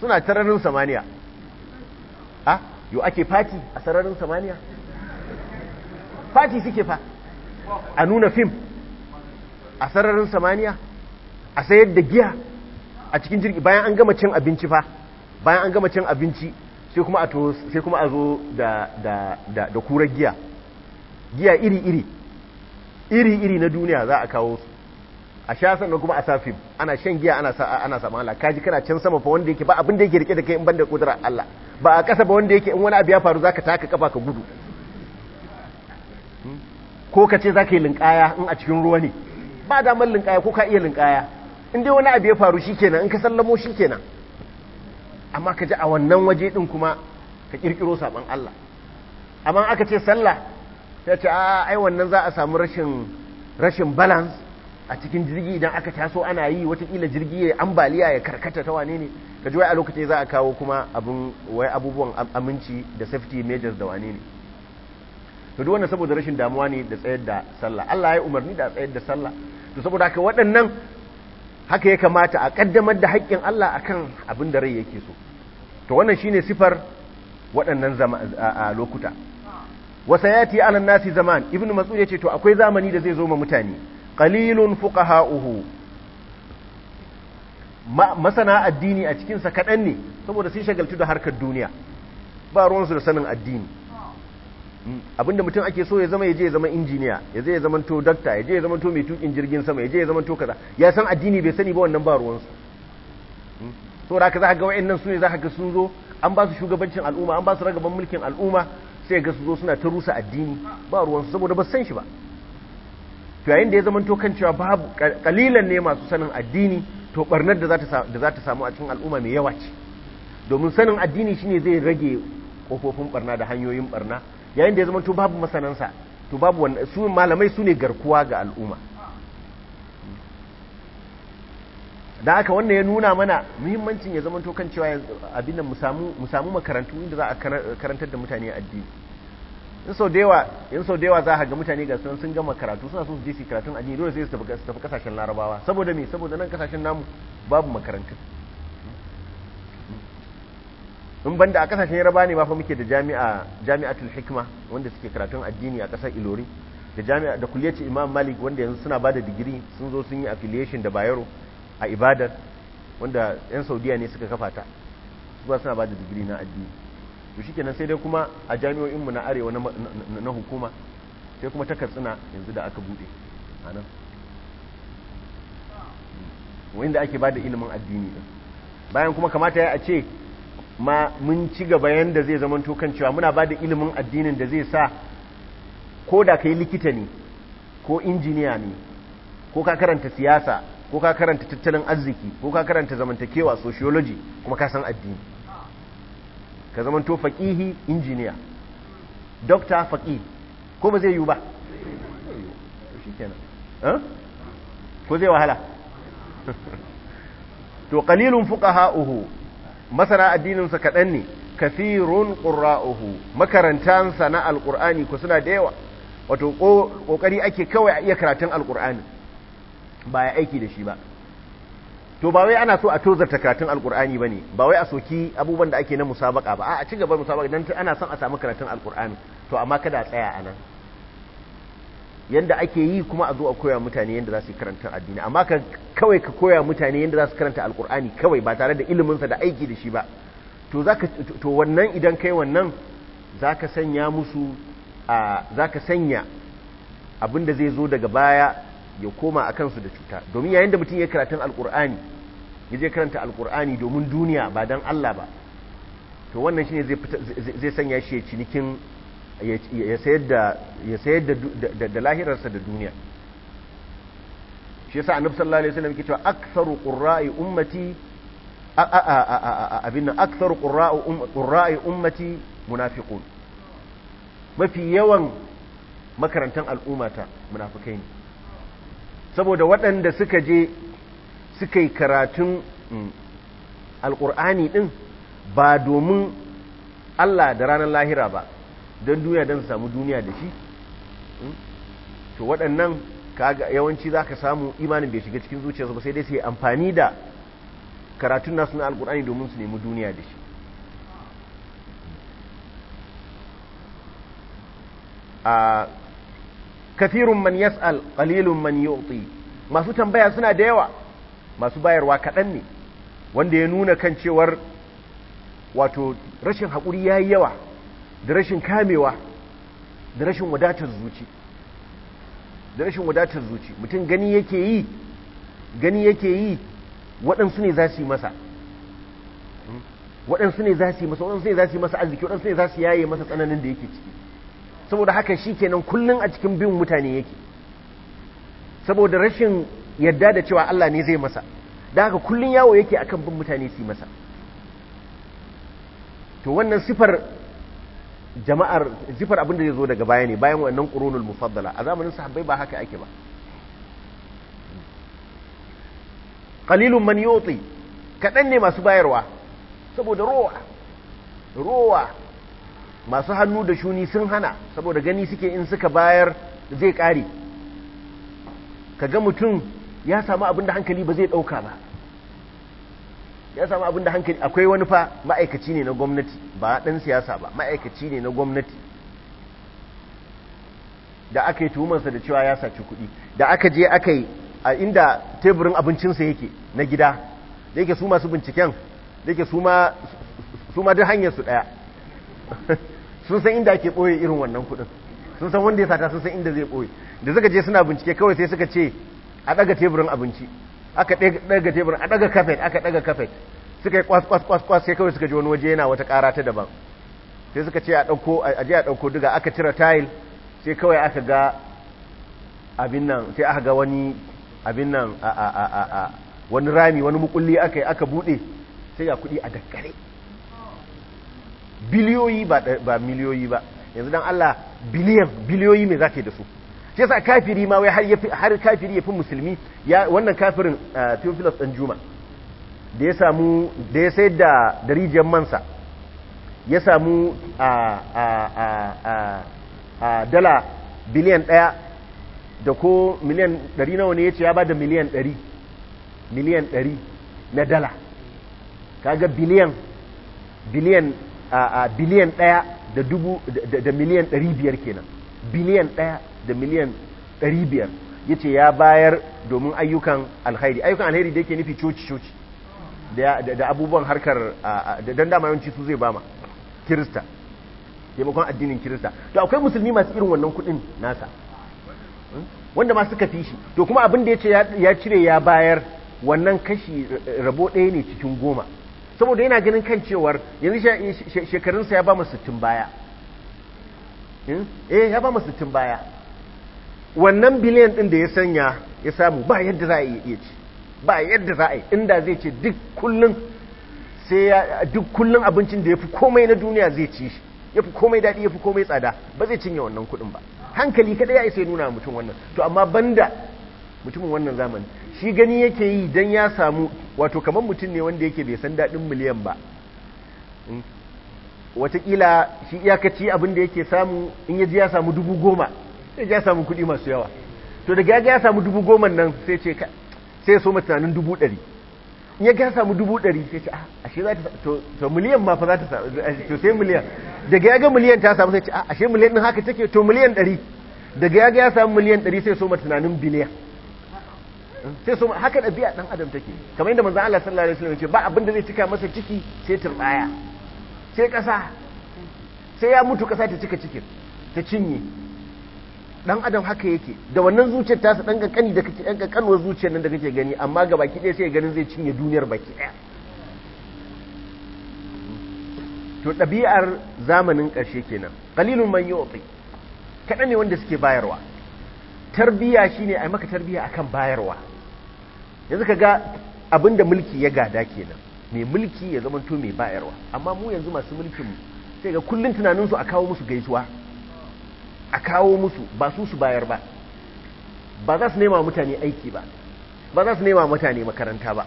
suna tararin samaniya a yau ake fati a sararin samaniya fati suke fa a nuna fim a sararin samaniya a sayar da giya a cikin jirgi bayan an gama cin abinci fa bayan an gama cin abinci sai kuma a zo da da da, da giya giya iri iri iri iri na duniya za a kawo su a sha sannan kuma a sa fim ana shan giya ana sa ana sa mala kaji kana can sama fa wanda yake ba abin da yake rike da kai in ban da kudurar Allah ba a kasa ba wanda yake in wani abu ya faru zaka taka kafa ka gudu hmm? ko ka ce zaka yi linkaya in a cikin ruwa ne ba damar linƙaya ko ka iya linƙaya. in dai wani abu ya faru shikenan in ka sallamo shikenan amma ka ji a wannan waje din kuma ka kirkiro saban Allah amma aka ce sallah sai ce a ai wannan za a samu rashin rashin balance a cikin jirgi idan aka taso ana yi wata kila jirgi ya ambaliya ya karkata ta wane ne ka ji wai a lokaci za a kawo kuma abin wai abubuwan aminci da safety measures da wane ne to duk wannan saboda rashin damuwa ne da tsayar da sallah Allah ya umarni da tsayar da sallah to saboda haka waɗannan haka ya kamata a ƙaddamar da haƙƙin Allah akan abin da rai yake so to wannan shine sifar waɗannan lokuta wasa ti ala nasi zaman ibn mas'ud ce, to akwai zamani da zai zo ma mutane ƙalilun qalilun fuqaha'uhu masana addini a cikin sa ne saboda sun shagaltu da harkar duniya ba ruwansu da sanin addini abinda mutum ake so ya zama ya je ya zama injiniya ya je ya zama to dakta ya je ya zama to mai tukin jirgin sama ya je ya zama to kaza ya san addini bai sani ba wannan ba ruwansu hmm? so da ka za ka ga wayannan su ne za ka ga sun zo an ba su shugabancin al'umma an ba su ragaban mulkin al'umma sai ga su zo suna ta rusa addini ba ruwansu saboda ba san shi ba to yayin da ya zama to kan cewa babu kalilan ne masu sanin addini to barnar da za ta samu a cikin al'umma mai yawa ce domin sanin addini shine zai rage kofofin barna da hanyoyin barna yayin da ya zama to babu masanansa to babu wannan su malamai su ne garkuwa ga al'umma da aka wannan ya nuna mana muhimmancin ya zama to kan cewa abin da mu samu makarantu inda za a karantar da mutane addini in sau da yawa za a ga mutane ga sun gama karatu suna so su je su karatun addini dole sai su tafi kasashen larabawa saboda me saboda nan kasashen namu babu makarantu in banda a kasashen yaraba ne ba fa muke da jami'a jami'atul hikma wanda suke karatun addini a kasar ilori da jami'a da kulliyar imam malik wanda yanzu suna bada digiri sun zo sun yi affiliation da bayero a ibadan wanda yan saudiya ne suka kafa ta su suna bada digiri na addini to kenan sai dai kuma a jami'o'in mu na arewa na hukuma sai kuma ta katsina yanzu da aka bude anan wanda ake bada ilimin addini din bayan kuma kamata ya a ce ma mun ci gaba yadda zai zama kan cewa muna ba da ilimin addinin da zai sa ko da ka yi likita ne ko injiniya ne ko ka karanta siyasa ko ka karanta tattalin arziki ko ka karanta zamantakewa sociology kuma ka san addini ka to faƙihi injiniya dokta faƙi ko ba zai yi ba eh? ko zai wahala to fuka hauhu. masana addininsa kaɗan ne kafirun ƙura'uhu makarantansa na alƙur'ani ku suna da yawa wato ƙoƙari ake kawai a iya karatun alƙur'ani ba ya aiki da shi ba to ba wai ana so a tozarta karatun alƙur'ani ba ne ba wai a soki abubuwan da ake na musabaka ba a ci gaba musabaka don ana son a samu karatun alƙur'ani to amma kada a tsaya a nan yanda ake yi kuma a zo a koya mutane yanda za su karanta addini amma ka kawai ka koya mutane yanda za su karanta alkur'ani kawai ba tare da iliminsa da aiki da shi ba to wannan idan kai wannan zaka sanya musu a zaka sanya abinda zai zo daga baya ya koma a kansu da cuta domin yayin da mutum ya karatun alkur'ani ya je karanta alkur'ani domin duniya ba dan Allah ba to wannan shine zai zai sanya shi ya cinikin ya sayar da lahirarsa da duniya shi yasa annabi sallallahu alaihi wasallam yake cewa aktharu qurra'i ummati abinna aktharu um, qurra'i ummati munafiqun mafi yawan makarantan al'ummata munafikai ne saboda waɗanda suka je suka yi karatun mm, alƙur'ani din ba domin Allah da ranar lahira ba don duniya don samu duniya da shi hmm? to waɗannan yawanci za ka samu imanin bai shiga cikin zuciyarsu ba sai dai sai amfani da karatun nasu na alkur'ani domin su nemi duniya da shi a kafirun man yas'al qalilun man yu'ti masu tambaya suna da yawa masu bayarwa kaɗan ne wanda ya nuna kan cewar wato rashin haƙuri ya yi yawa da rashin kamewa da rashin wadatar zuci da rashin wadatar zuci mutum gani yake yi gani yake yi waɗansu ne za su yi masa hmm? waɗansu ne za su yi masa waɗansu ne za su yi masa arziki waɗansu ne za su yaye masa tsananin da yake ciki saboda haka shi kenan kullum a cikin bin mutane yake saboda rashin yadda da cewa Allah ne zai masa da haka kullum yawo yake akan bin mutane su yi masa to wannan sifar jama'ar zifar abin da zai zo daga baya ne bayan wannan ƙurunul mufaddala a zamanin sahabbai ba haka ake ba qalilun man yuti kadan ne masu bayarwa saboda rowa rowa masu hannu da shuni sun hana saboda gani suke in suka bayar zai kare kaga mutum ya samu abin da hankali ba zai dauka ba ya samu abin da hankali akwai wani fa ma'aikaci ne na gwamnati ba ɗan siyasa ba ma'aikaci ne na gwamnati da aka yi tuhumarsa da cewa ya saci kuɗi da aka je aka yi a inda teburin abincinsa yake na gida da yake su masu binciken da yake su ma duk hanyarsu ɗaya sun san inda ake ɓoye irin wannan kuɗin sun san wanda ya sata sun san inda zai ɓoye da suka je suna bincike kawai sai suka ce a ɗaga teburin abinci aka daga tebur a daga kafet aka daga kafet suka yi kwas kwas kwas kwas sai kawai suka ji wani waje yana wata ƙara ta daban sai suka ce a a je a dauko duga aka cire tile sai kawai aka ga abin nan sai aka ga wani abin nan a a a a wani rami wani mukulli aka yi aka bude sai ga kudi a daggare. biliyoyi ba miliyoyi ba yanzu don Allah biliyan biliyoyi me ke da su sai sa kafiri ma wai har kafiri ya fi musulmi wannan kafirin uh, theophilus dan juma da ya samu da ya sayar da darijiyar mansa ya samu a uh, uh, dala biliyan daya da ko miliyan dari nawa ne ya ce ya ba da miliyan dari miliyan dari na dala kaga biliyan biliyan biliyan ɗaya da dubu da miliyan dari biyar kenan biliyan ɗaya da miliyan ɗari biyar ya ce ya bayar domin ayyukan alhairi ayyukan alhairi da yake nufi coci-coci da abubuwan harkar don dama yawanci su zai bama kirista taimakon addinin kirista to akwai musulmi masu irin wannan kudin nasa hmm? wanda masu kafi shi to kuma abin da ya ce ya cire ya bayar wannan kashi eh, rabo ɗaya ne cikin goma saboda yana ganin kan cewar yanzu shekarunsa ya ba mu sittin baya Hmm? eh ya ba mu tun baya wannan biliyan din da ya sanya ya samu ba yadda za a iya ce ba yadda za a yi inda zai ce duk kullun abincin da ya fi komai na duniya zai ci shi fi komai daɗi ya fi komai tsada ba zai cinye wannan kuɗin ba hankali kada ya isa ya nuna mutum wannan to amma banda mutumin wannan zamani shi gani yake yi don ya samu wato kamar mutum ne wanda yake bai san daɗin miliyan ba hmm? watakila shi iyakaci abin da yake samu in yaji ya samu dubu goma sai ya samu kuɗi masu yawa to daga ya samu dubu goma nan sai ce sai so tunanin dubu ɗari in ya ga samu dubu ɗari sai ce ah, shi za ta to miliyan ma fa za ta samu eh, to sai miliyan daga ya ga miliyan ta samu sai ce ah, shi miliyan ɗin haka take to miliyan ɗari daga ya ga ya samu miliyan ɗari sai so tunanin biliyan sai so haka ɗabi'a ɗan adam take kamar yadda manzo Allah sallallahu alaihi wasallam ya ce ba abin da zai cika masa ciki sai turbaya sai ƙasa sai ya mutu ƙasa ta cika cikin ta cinye dan adam haka yake da wannan zuciyar tasa dan kankani da kake dan zuciyar nan da kake gani amma ga baki ɗaya sai ganin zai cinye duniyar baki ɗaya to ɗabi'ar zamanin ƙarshe kenan qalilun man yu'ti kaɗan ne wanda suke bayarwa tarbiya shine yi maka tarbiya akan bayarwa yanzu ka kaga abinda mulki ya gada kenan mai mulki ya zama to mai bayarwa amma mu yanzu masu mulkin mu sai ga kullun tunanin su a kawo musu gaisuwa a kawo musu ba su su bayar ba ba za su nema mutane aiki ba ba za su nema mutane makaranta ba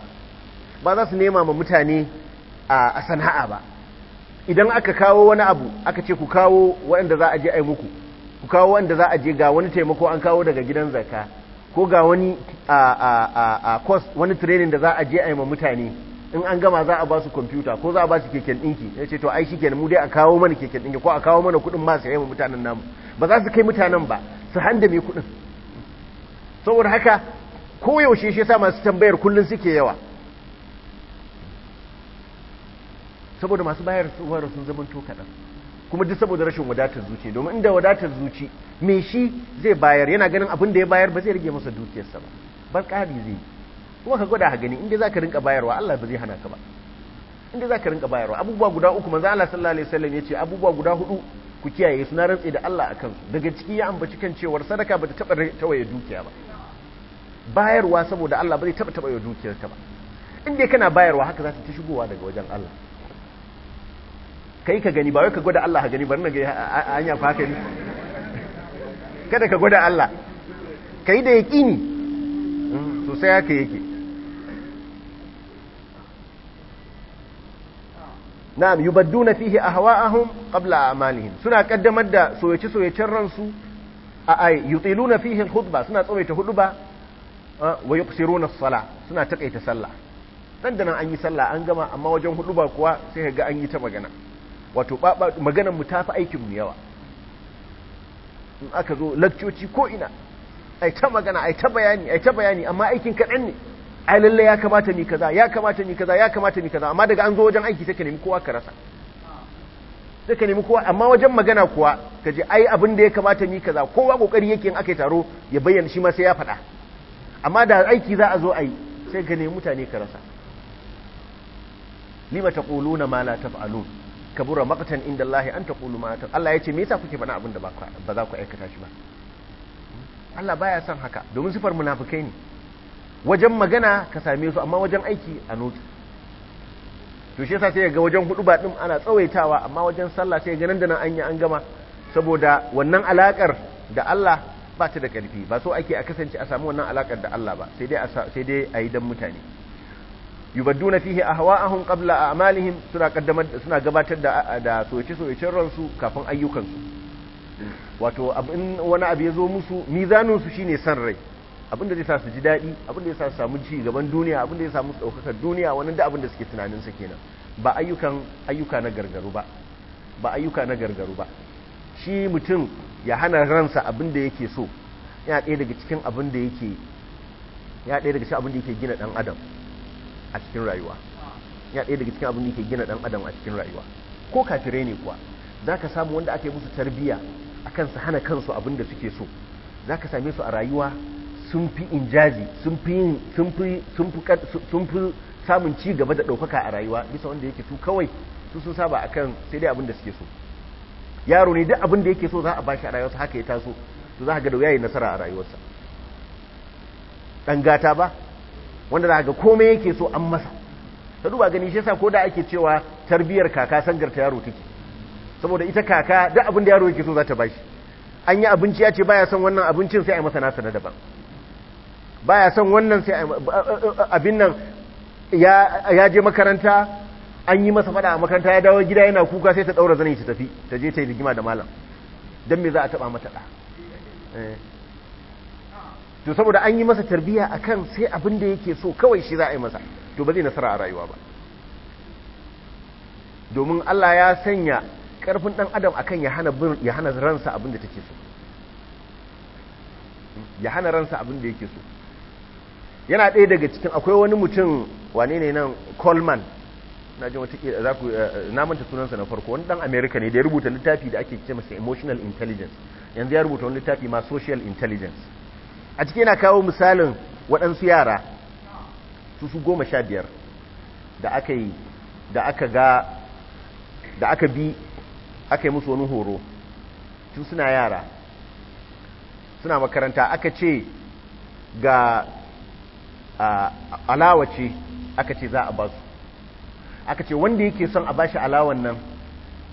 ba za su nema ma mutane a sana'a ba idan aka kawo wani abu aka ce ku kawo waɗanda za a je ai muku ku kawo waɗanda za a je ga wani taimako an kawo daga gidan zaka ko ga wani a a a a wani training da za a je ai ma mutane in an gama za a ba su kwamfuta ko za a ba su keken ɗinki ya ce to ai shi na mu dai a kawo mana keken ɗinki ko a kawo mana kuɗin ma su yi mutanen namu ba za su kai mutanen ba su handa mai kuɗin saboda haka koyaushe shi sa masu tambayar kullum suke yawa saboda masu bayar tsohuwar sun zama to kaɗan kuma duk saboda rashin wadatar zuci domin inda wadatar zuci mai shi zai bayar yana ganin abin da ya bayar ba zai rage masa dukiyarsa ba bar ƙari zai yi kuma ka gwada ha gani inda za ka rinka bayarwa Allah ba zai hana ka ba inda za ka rinka bayarwa abubuwa guda uku manzo Allah sallallahu alaihi wasallam ya ce abubuwa guda hudu ku kiyaye su na rantsi da Allah akan su daga ciki ya ambaci kan cewar sadaka ba ta taba tawaye dukiya ba bayarwa saboda Allah ba zai taba tawaye dukiyar ka ba inda kana bayarwa haka za ta ci shigowa daga wajen Allah kai ka gani ba wai ka gwada Allah ka gani bari na ga anya fa haka ne kada ka gwada Allah kai da yaqini to hmm, sai haka yake na'am yubadduna fihi ahwa'ahum qabla a'malihim suna kaddamar da soyace soyacen ransu a ai yutiluna fihi khutba suna tsawaita huduba wa yuqsiruna as-sala suna takaita sallah dan da nan an yi sallah an gama amma wajen huduba kuwa sai ga an yi ta magana wato maganar mu ta fi aikin mu yawa in aka zo lakcoci ko ina ai ta magana ai ta bayani ai ta bayani amma aikin kaɗan ne ai lalle ya kamata mi kaza ya kamata mi kaza ya kamata mi kaza amma daga an zo wajen aiki take ka nemi kowa ka rasa take ka nemi kowa amma wajen magana kuwa kaje ai abin da ya kamata mi kaza kowa kokari yake in akai taro ya bayyana shi ma sai ya faɗa amma da aiki za a zo ai sai ka nemi mutane ka rasa lima taquluna ma la taf'alun kabura maqtan inda Allah an taqulu ma ta Allah yace me yasa kuke bana abin da ba za ku aikata shi ba Allah baya son haka domin sifar munafikai ne wajen magana ka same su amma wajen aiki a noti to shi yasa sai ga wajen hudu ba din ana tsawaitawa amma wajen sallah sai ga nan da nan anya an gama saboda wannan alakar da Allah ba ta da karfi ba so ake a kasance a samu wannan alakar da Allah ba sai dai sai dai a yi dan mutane yubadduna fihi ahwa'ahum qabla a'malihim suna kaddamar suna gabatar da da soyace soyacen ransu kafin ayyukansu wato abin wani abu ya zo musu mizaninsu shine san rai abinda zai sa su ji daɗi abinda zai sa su samu ci gaban duniya abinda zai samu ɗaukakar duniya wannan da abinda suke tunanin sa kenan ba ayyukan ayyuka na gargaru ba ba ayyuka na gargaru ba shi mutum ya hana ransa abinda yake so ya ɗaya daga cikin abinda yake ya ɗaya daga cikin abinda yake gina ɗan adam a cikin rayuwa ya ɗaya daga cikin abinda yake gina ɗan adam a cikin rayuwa ko kafirai ne kuwa ka samu wanda aka yi musu tarbiyya a su hana kansu abinda suke so za ka same su a rayuwa sun fi injazi sun fi sun fi samun ci gaba da ɗaukaka a rayuwa bisa wanda yake su kawai su sun saba akan sai dai abin da suke so yaro ne duk abin da yake so za a bashi a rayuwarsa haka ya taso to za ga da yayi nasara a rayuwarsa Dangata ba wanda za ga komai yake so an masa ta duba gani shi yasa ko da ake cewa tarbiyar kaka sangarta yaro take saboda ita kaka duk abin da yaro yake so za ta bashi an yi abinci ya ce baya son wannan abincin sai a yi masa nasa na daban Ba ya son wannan sai abin nan ya je makaranta an yi masa fada a makaranta ya dawo gida yana kuka sai ta daura zane ta tafi ta je ta yi rigima da malam don me za a taba mata da eh. to saboda an yi masa tarbiya akan sai abin da yake so kawai shi za a yi masa to ba zai nasara a rayuwa ba domin Allah ya sanya karfin dan adam akan ya hana ya hana ransa abin da take so ya hana ransa abin da yake so yana ɗaya daga cikin akwai wani mutum wane ne nan coleman na ji wata za ku eh, eh, namanta sunansa na farko wani dan america ne da ya rubuta littafi da ake ce masa emotional intelligence yanzu ya rubuta wani littafi ma social intelligence a ciki yana kawo misalin waɗansu yara su su goma sha biyar da aka yi da aka ga da aka bi aka yi musu wani horo tun suna yara suna makaranta aka ce ga alawa ce aka ce za a ba su aka ce wanda yake son a bashi alawan nan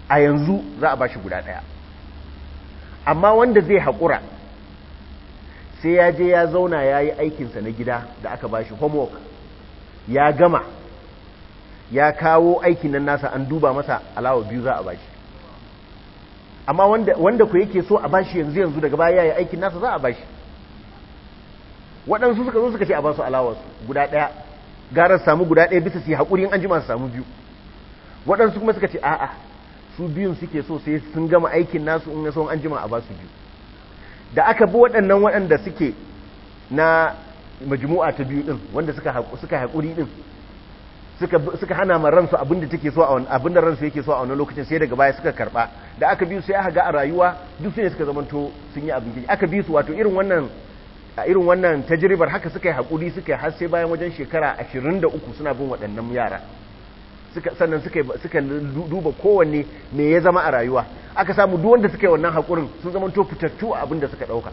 a yanzu za a bashi guda daya amma wanda zai haƙura sai ya je ya zauna ya yi aikinsa na gida da aka bashi homework ya gama ya kawo aikin nan nasa an duba masa alawa biyu za a bashi amma wanda, ku yake so a bashi yanzu yanzu daga baya ya yi aikin nasa za a bashi waɗansu suka zo suka ce a ba su alawas guda ɗaya garar samu guda ɗaya bisa su yi haƙuri an jima su samu biyu waɗansu kuma suka ce a'a su biyun suke so sai sun gama aikin nasu in yaso an jima a ba su biyu da aka bi waɗannan waɗanda suke na majmu'a ta biyu ɗin wanda suka haƙuri ɗin suka hana ma ransu da take so a da ransu yake so a wannan lokacin sai daga baya suka karba da aka biyu sai aka ga a rayuwa duk sai suka zamanto sun yi abin aka bi su wato irin wannan a irin wannan tajribar haka suka yi haƙuri suka yi har sai bayan wajen shekara 23 suna bin waɗannan yara sannan suka duba kowanne me ya zama a rayuwa aka samu duwanda wanda suka yi wannan haƙurin sun zama to fitattu a abin da suka ɗauka.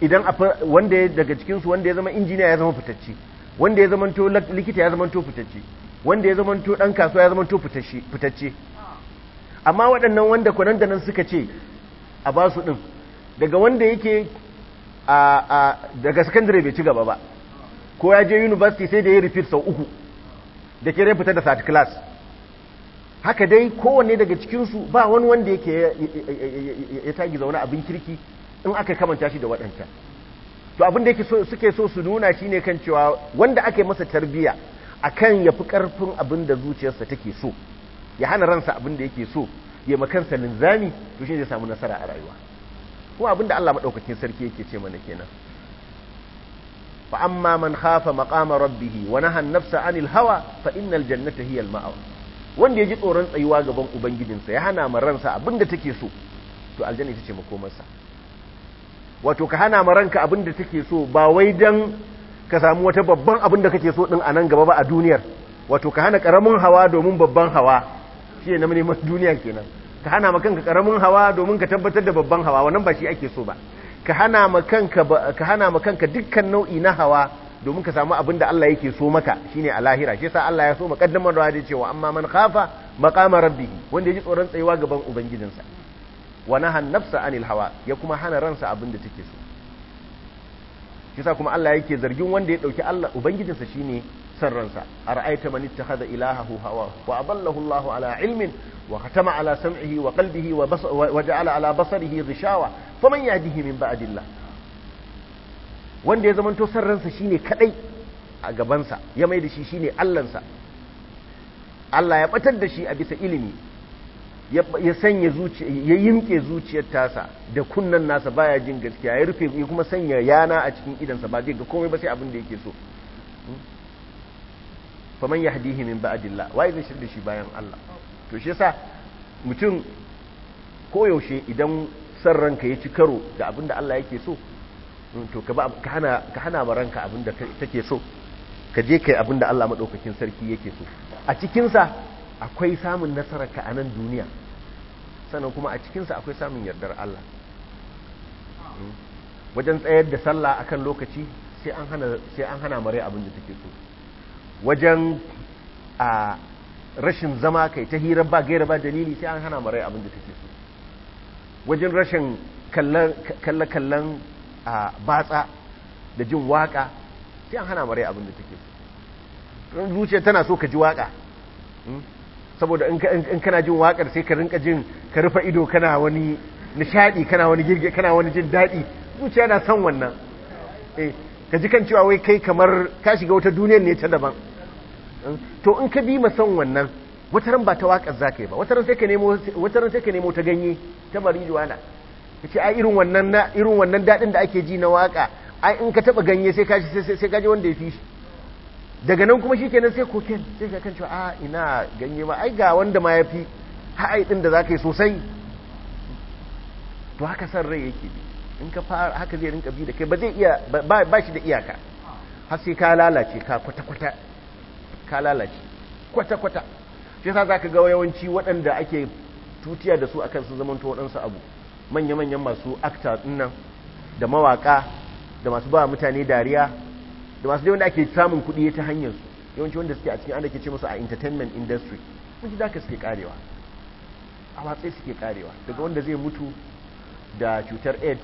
idan wanda ya daga cikinsu wanda ya zama injiniya ya zama fitacci wanda ya zama to likita ya zama to fitacci wanda ya zama to ɗan kasuwa ya zama to fitacci amma waɗannan wanda kwanan da nan suka ce a ba su daga wanda yake daga secondary bai ci gaba ba ko ya je university sai da ya repeat sau uku da ke fita da third class haka dai kowanne daga cikinsu ba wani wanda yake ya tagi zaune abin kirki in aka kamanta shi da waɗanta. to abin da suke so su nuna shi ne kan cewa wanda aka masa tarbiya a kan ya fi ƙarfin abin da zuciyarsa take so ya hana ransa abin da yake so ya makansa linzami to shi zai samu nasara a rayuwa kuma abinda Allah madaukakin sarki yake ce mana kenan fa amma man khafa maqama rabbih wa nahan nafsa anil hawa fa innal jannata hiya al ma'a wanda yaji tsoron tsayuwa gaban ubangijinsa ya hana ma ransa abinda take so to aljanna ita ce makomarsa wato ka hana ma ranka abinda take so ba wai dan ka samu wata babban abinda kake so din anan gaba ba a duniyar wato ka hana karamin hawa domin babban hawa shi ne na neman duniya kenan ka hana ma kanka karamin hawa domin ka tabbatar da babban hawa wannan ba shi ake so ba ka hana ma kanka ka hana ma kanka dukkan nau'i na hawa domin ka samu abin da Allah yake so maka shine a lahira shi yasa Allah ya so muqaddamar da cewa amma man khafa maqama rabbih wanda yaji tsoron tsayuwa gaban ubangijinsa wa nahana nafsa anil hawa ya kuma hana ransa abin da take so kisa kuma Allah yake zargin wanda ya dauki Allah ubangijinsa shine san ransa ara'aita man ittakhadha ilahahu hawa wa aballahu Allah ala ilmin wa khatama ala sam'ihi wa qalbihi wa wa ja'ala ala basarihi ghishawa faman yahdihi min ba'dillah wanda ya zamanto san ransa shine kadai a gabansa ya mai da shi shine sa Allah ya batar da shi a bisa ilimi ya sanya zuciya ya yinke zuciyar tasa da kunnan nasa baya jin gaskiya ya rufe ya kuma sanya yana a cikin sa ba zai ga komai ba sai abin da yake so hmm? fa man yahdihi min ba'dillah wai zai shirda shi bayan Allah to shi yasa mutum ko yaushe idan san ranka ya ci karo da abin da Allah yake so hmm, to ka hana ka hana ma ranka abin da take so ka je kai abin da Allah madaukakin sarki yake so a cikin sa akwai samun nasarar ka a nan duniya sannan kuma a cikinsa akwai samun yardar Allah hmm. wajen tsayar da sallah akan lokaci sai an hana sai mare abin da take so wajen a rashin zama kai ta hira ba gaira ba dalili sai an hana mare abin da take so wajen rashin kalle-kallen batsa da jin waka sai an hana mare abin da take so zuciya tana so ka ji waka hmm. saboda in kana jin wakar sai ka rinka jin ka rufa ido kana wani nishadi kana wani girge kana wani jin daɗi zuciya na son wannan eh ka ji kan cewa wai kai kamar ka shiga wata duniyar ne ta daban hmm? to in ka bi ma son wannan ran ba ta wakar ka yi ba wataran sai ka nemo sai ka nemo ta ganye ta marijuana kace ai irin wannan na irin wannan dadin da ake ji na waka ai in ka taba ganye sai ka sai ka ji wanda ya fi shi daga nan kuma shikenan sai koken sai ka kan cewa a ah, ina ganye ma ai ga wanda ma yafi ha'ai din da zaka yi sosai to haka san rai yake bi in ka fara haka zai rinka bi da kai ba zai iya ba shi da iyaka har sai ka lalace ka kwata kwata ka lalace kwata kwata shi yasa zaka ga yawanci waɗanda ake tutiya da su akan su to waɗansu abu manya manyan masu akta nan da mawaka da masu ba mutane dariya da masu wanda ake samun kuɗi ta hanyar su yawanci wanda suke a cikin ana ke ce musu a entertainment industry mun za ka suke karewa a watsai suke karewa daga wanda zai mutu da cutar aids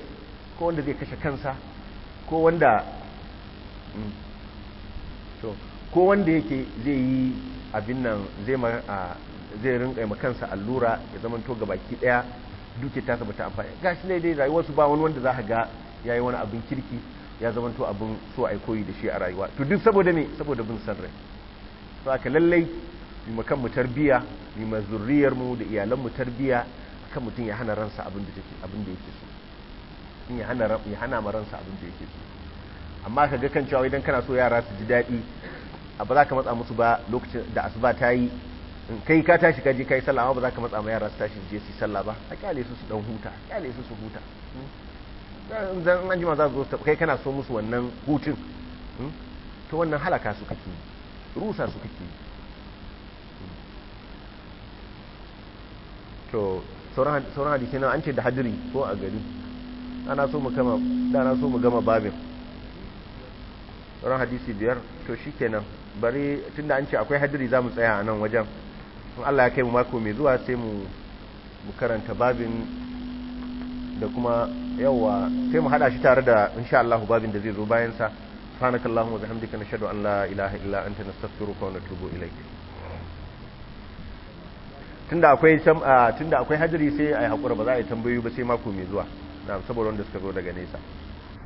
ko wanda zai kashe kansa ko wanda mm, to ko wanda yake zai yi abin nan zai ma zai rinka ma kansa allura ya zama to gabaki daya duke ta saba ta amfani gashi ne dai rayuwarsu ba wani wanda za ka ga yayi wani abin kirki ya to abin so a koyi da shi a rayuwa to duk saboda ne saboda bin san rai to aka lallai mu makan mu tarbiya mu mazurriyar mu da iyalan mu tarbiya akan mutun ya hana ransa abin da take abin da yake so in ya hana ya hana ma ransa abin da yake so amma ka ga kan cewa idan kana so yara su ji dadi ba za ka matsa musu ba lokacin da asuba ta yi in kai ka tashi ka je kai sallah ba za ka matsa ma yara su tashi su je su sallah ba a kyale su su dan huta kyale su su huta dan an jima za su zo kai kana so musu wannan hutun hmm? to wannan halaka su kake rusa su kake to sauran hadisi na an ce da hadiri ko a gari ana so mu kama da ana so mu gama babin sauran hadisi biyar to shi kenan bari tunda an ce akwai hadiri za mu tsaya a nan wajen in Allah ya kai mu mako mai zuwa sai mu karanta babin da kuma yawa sai mu hada shi tare da insha Allah babin da zai zo bayan sa subhanakallahu wa bihamdika nashhadu an la ilaha illa anta nastaghfiruka wa natubu ilayk tunda akwai ah, tunda akwai hadiri sai ai hakura ba za a yi tambayoyi ba sai mako mai zuwa na'am saboda wanda suka zo daga nesa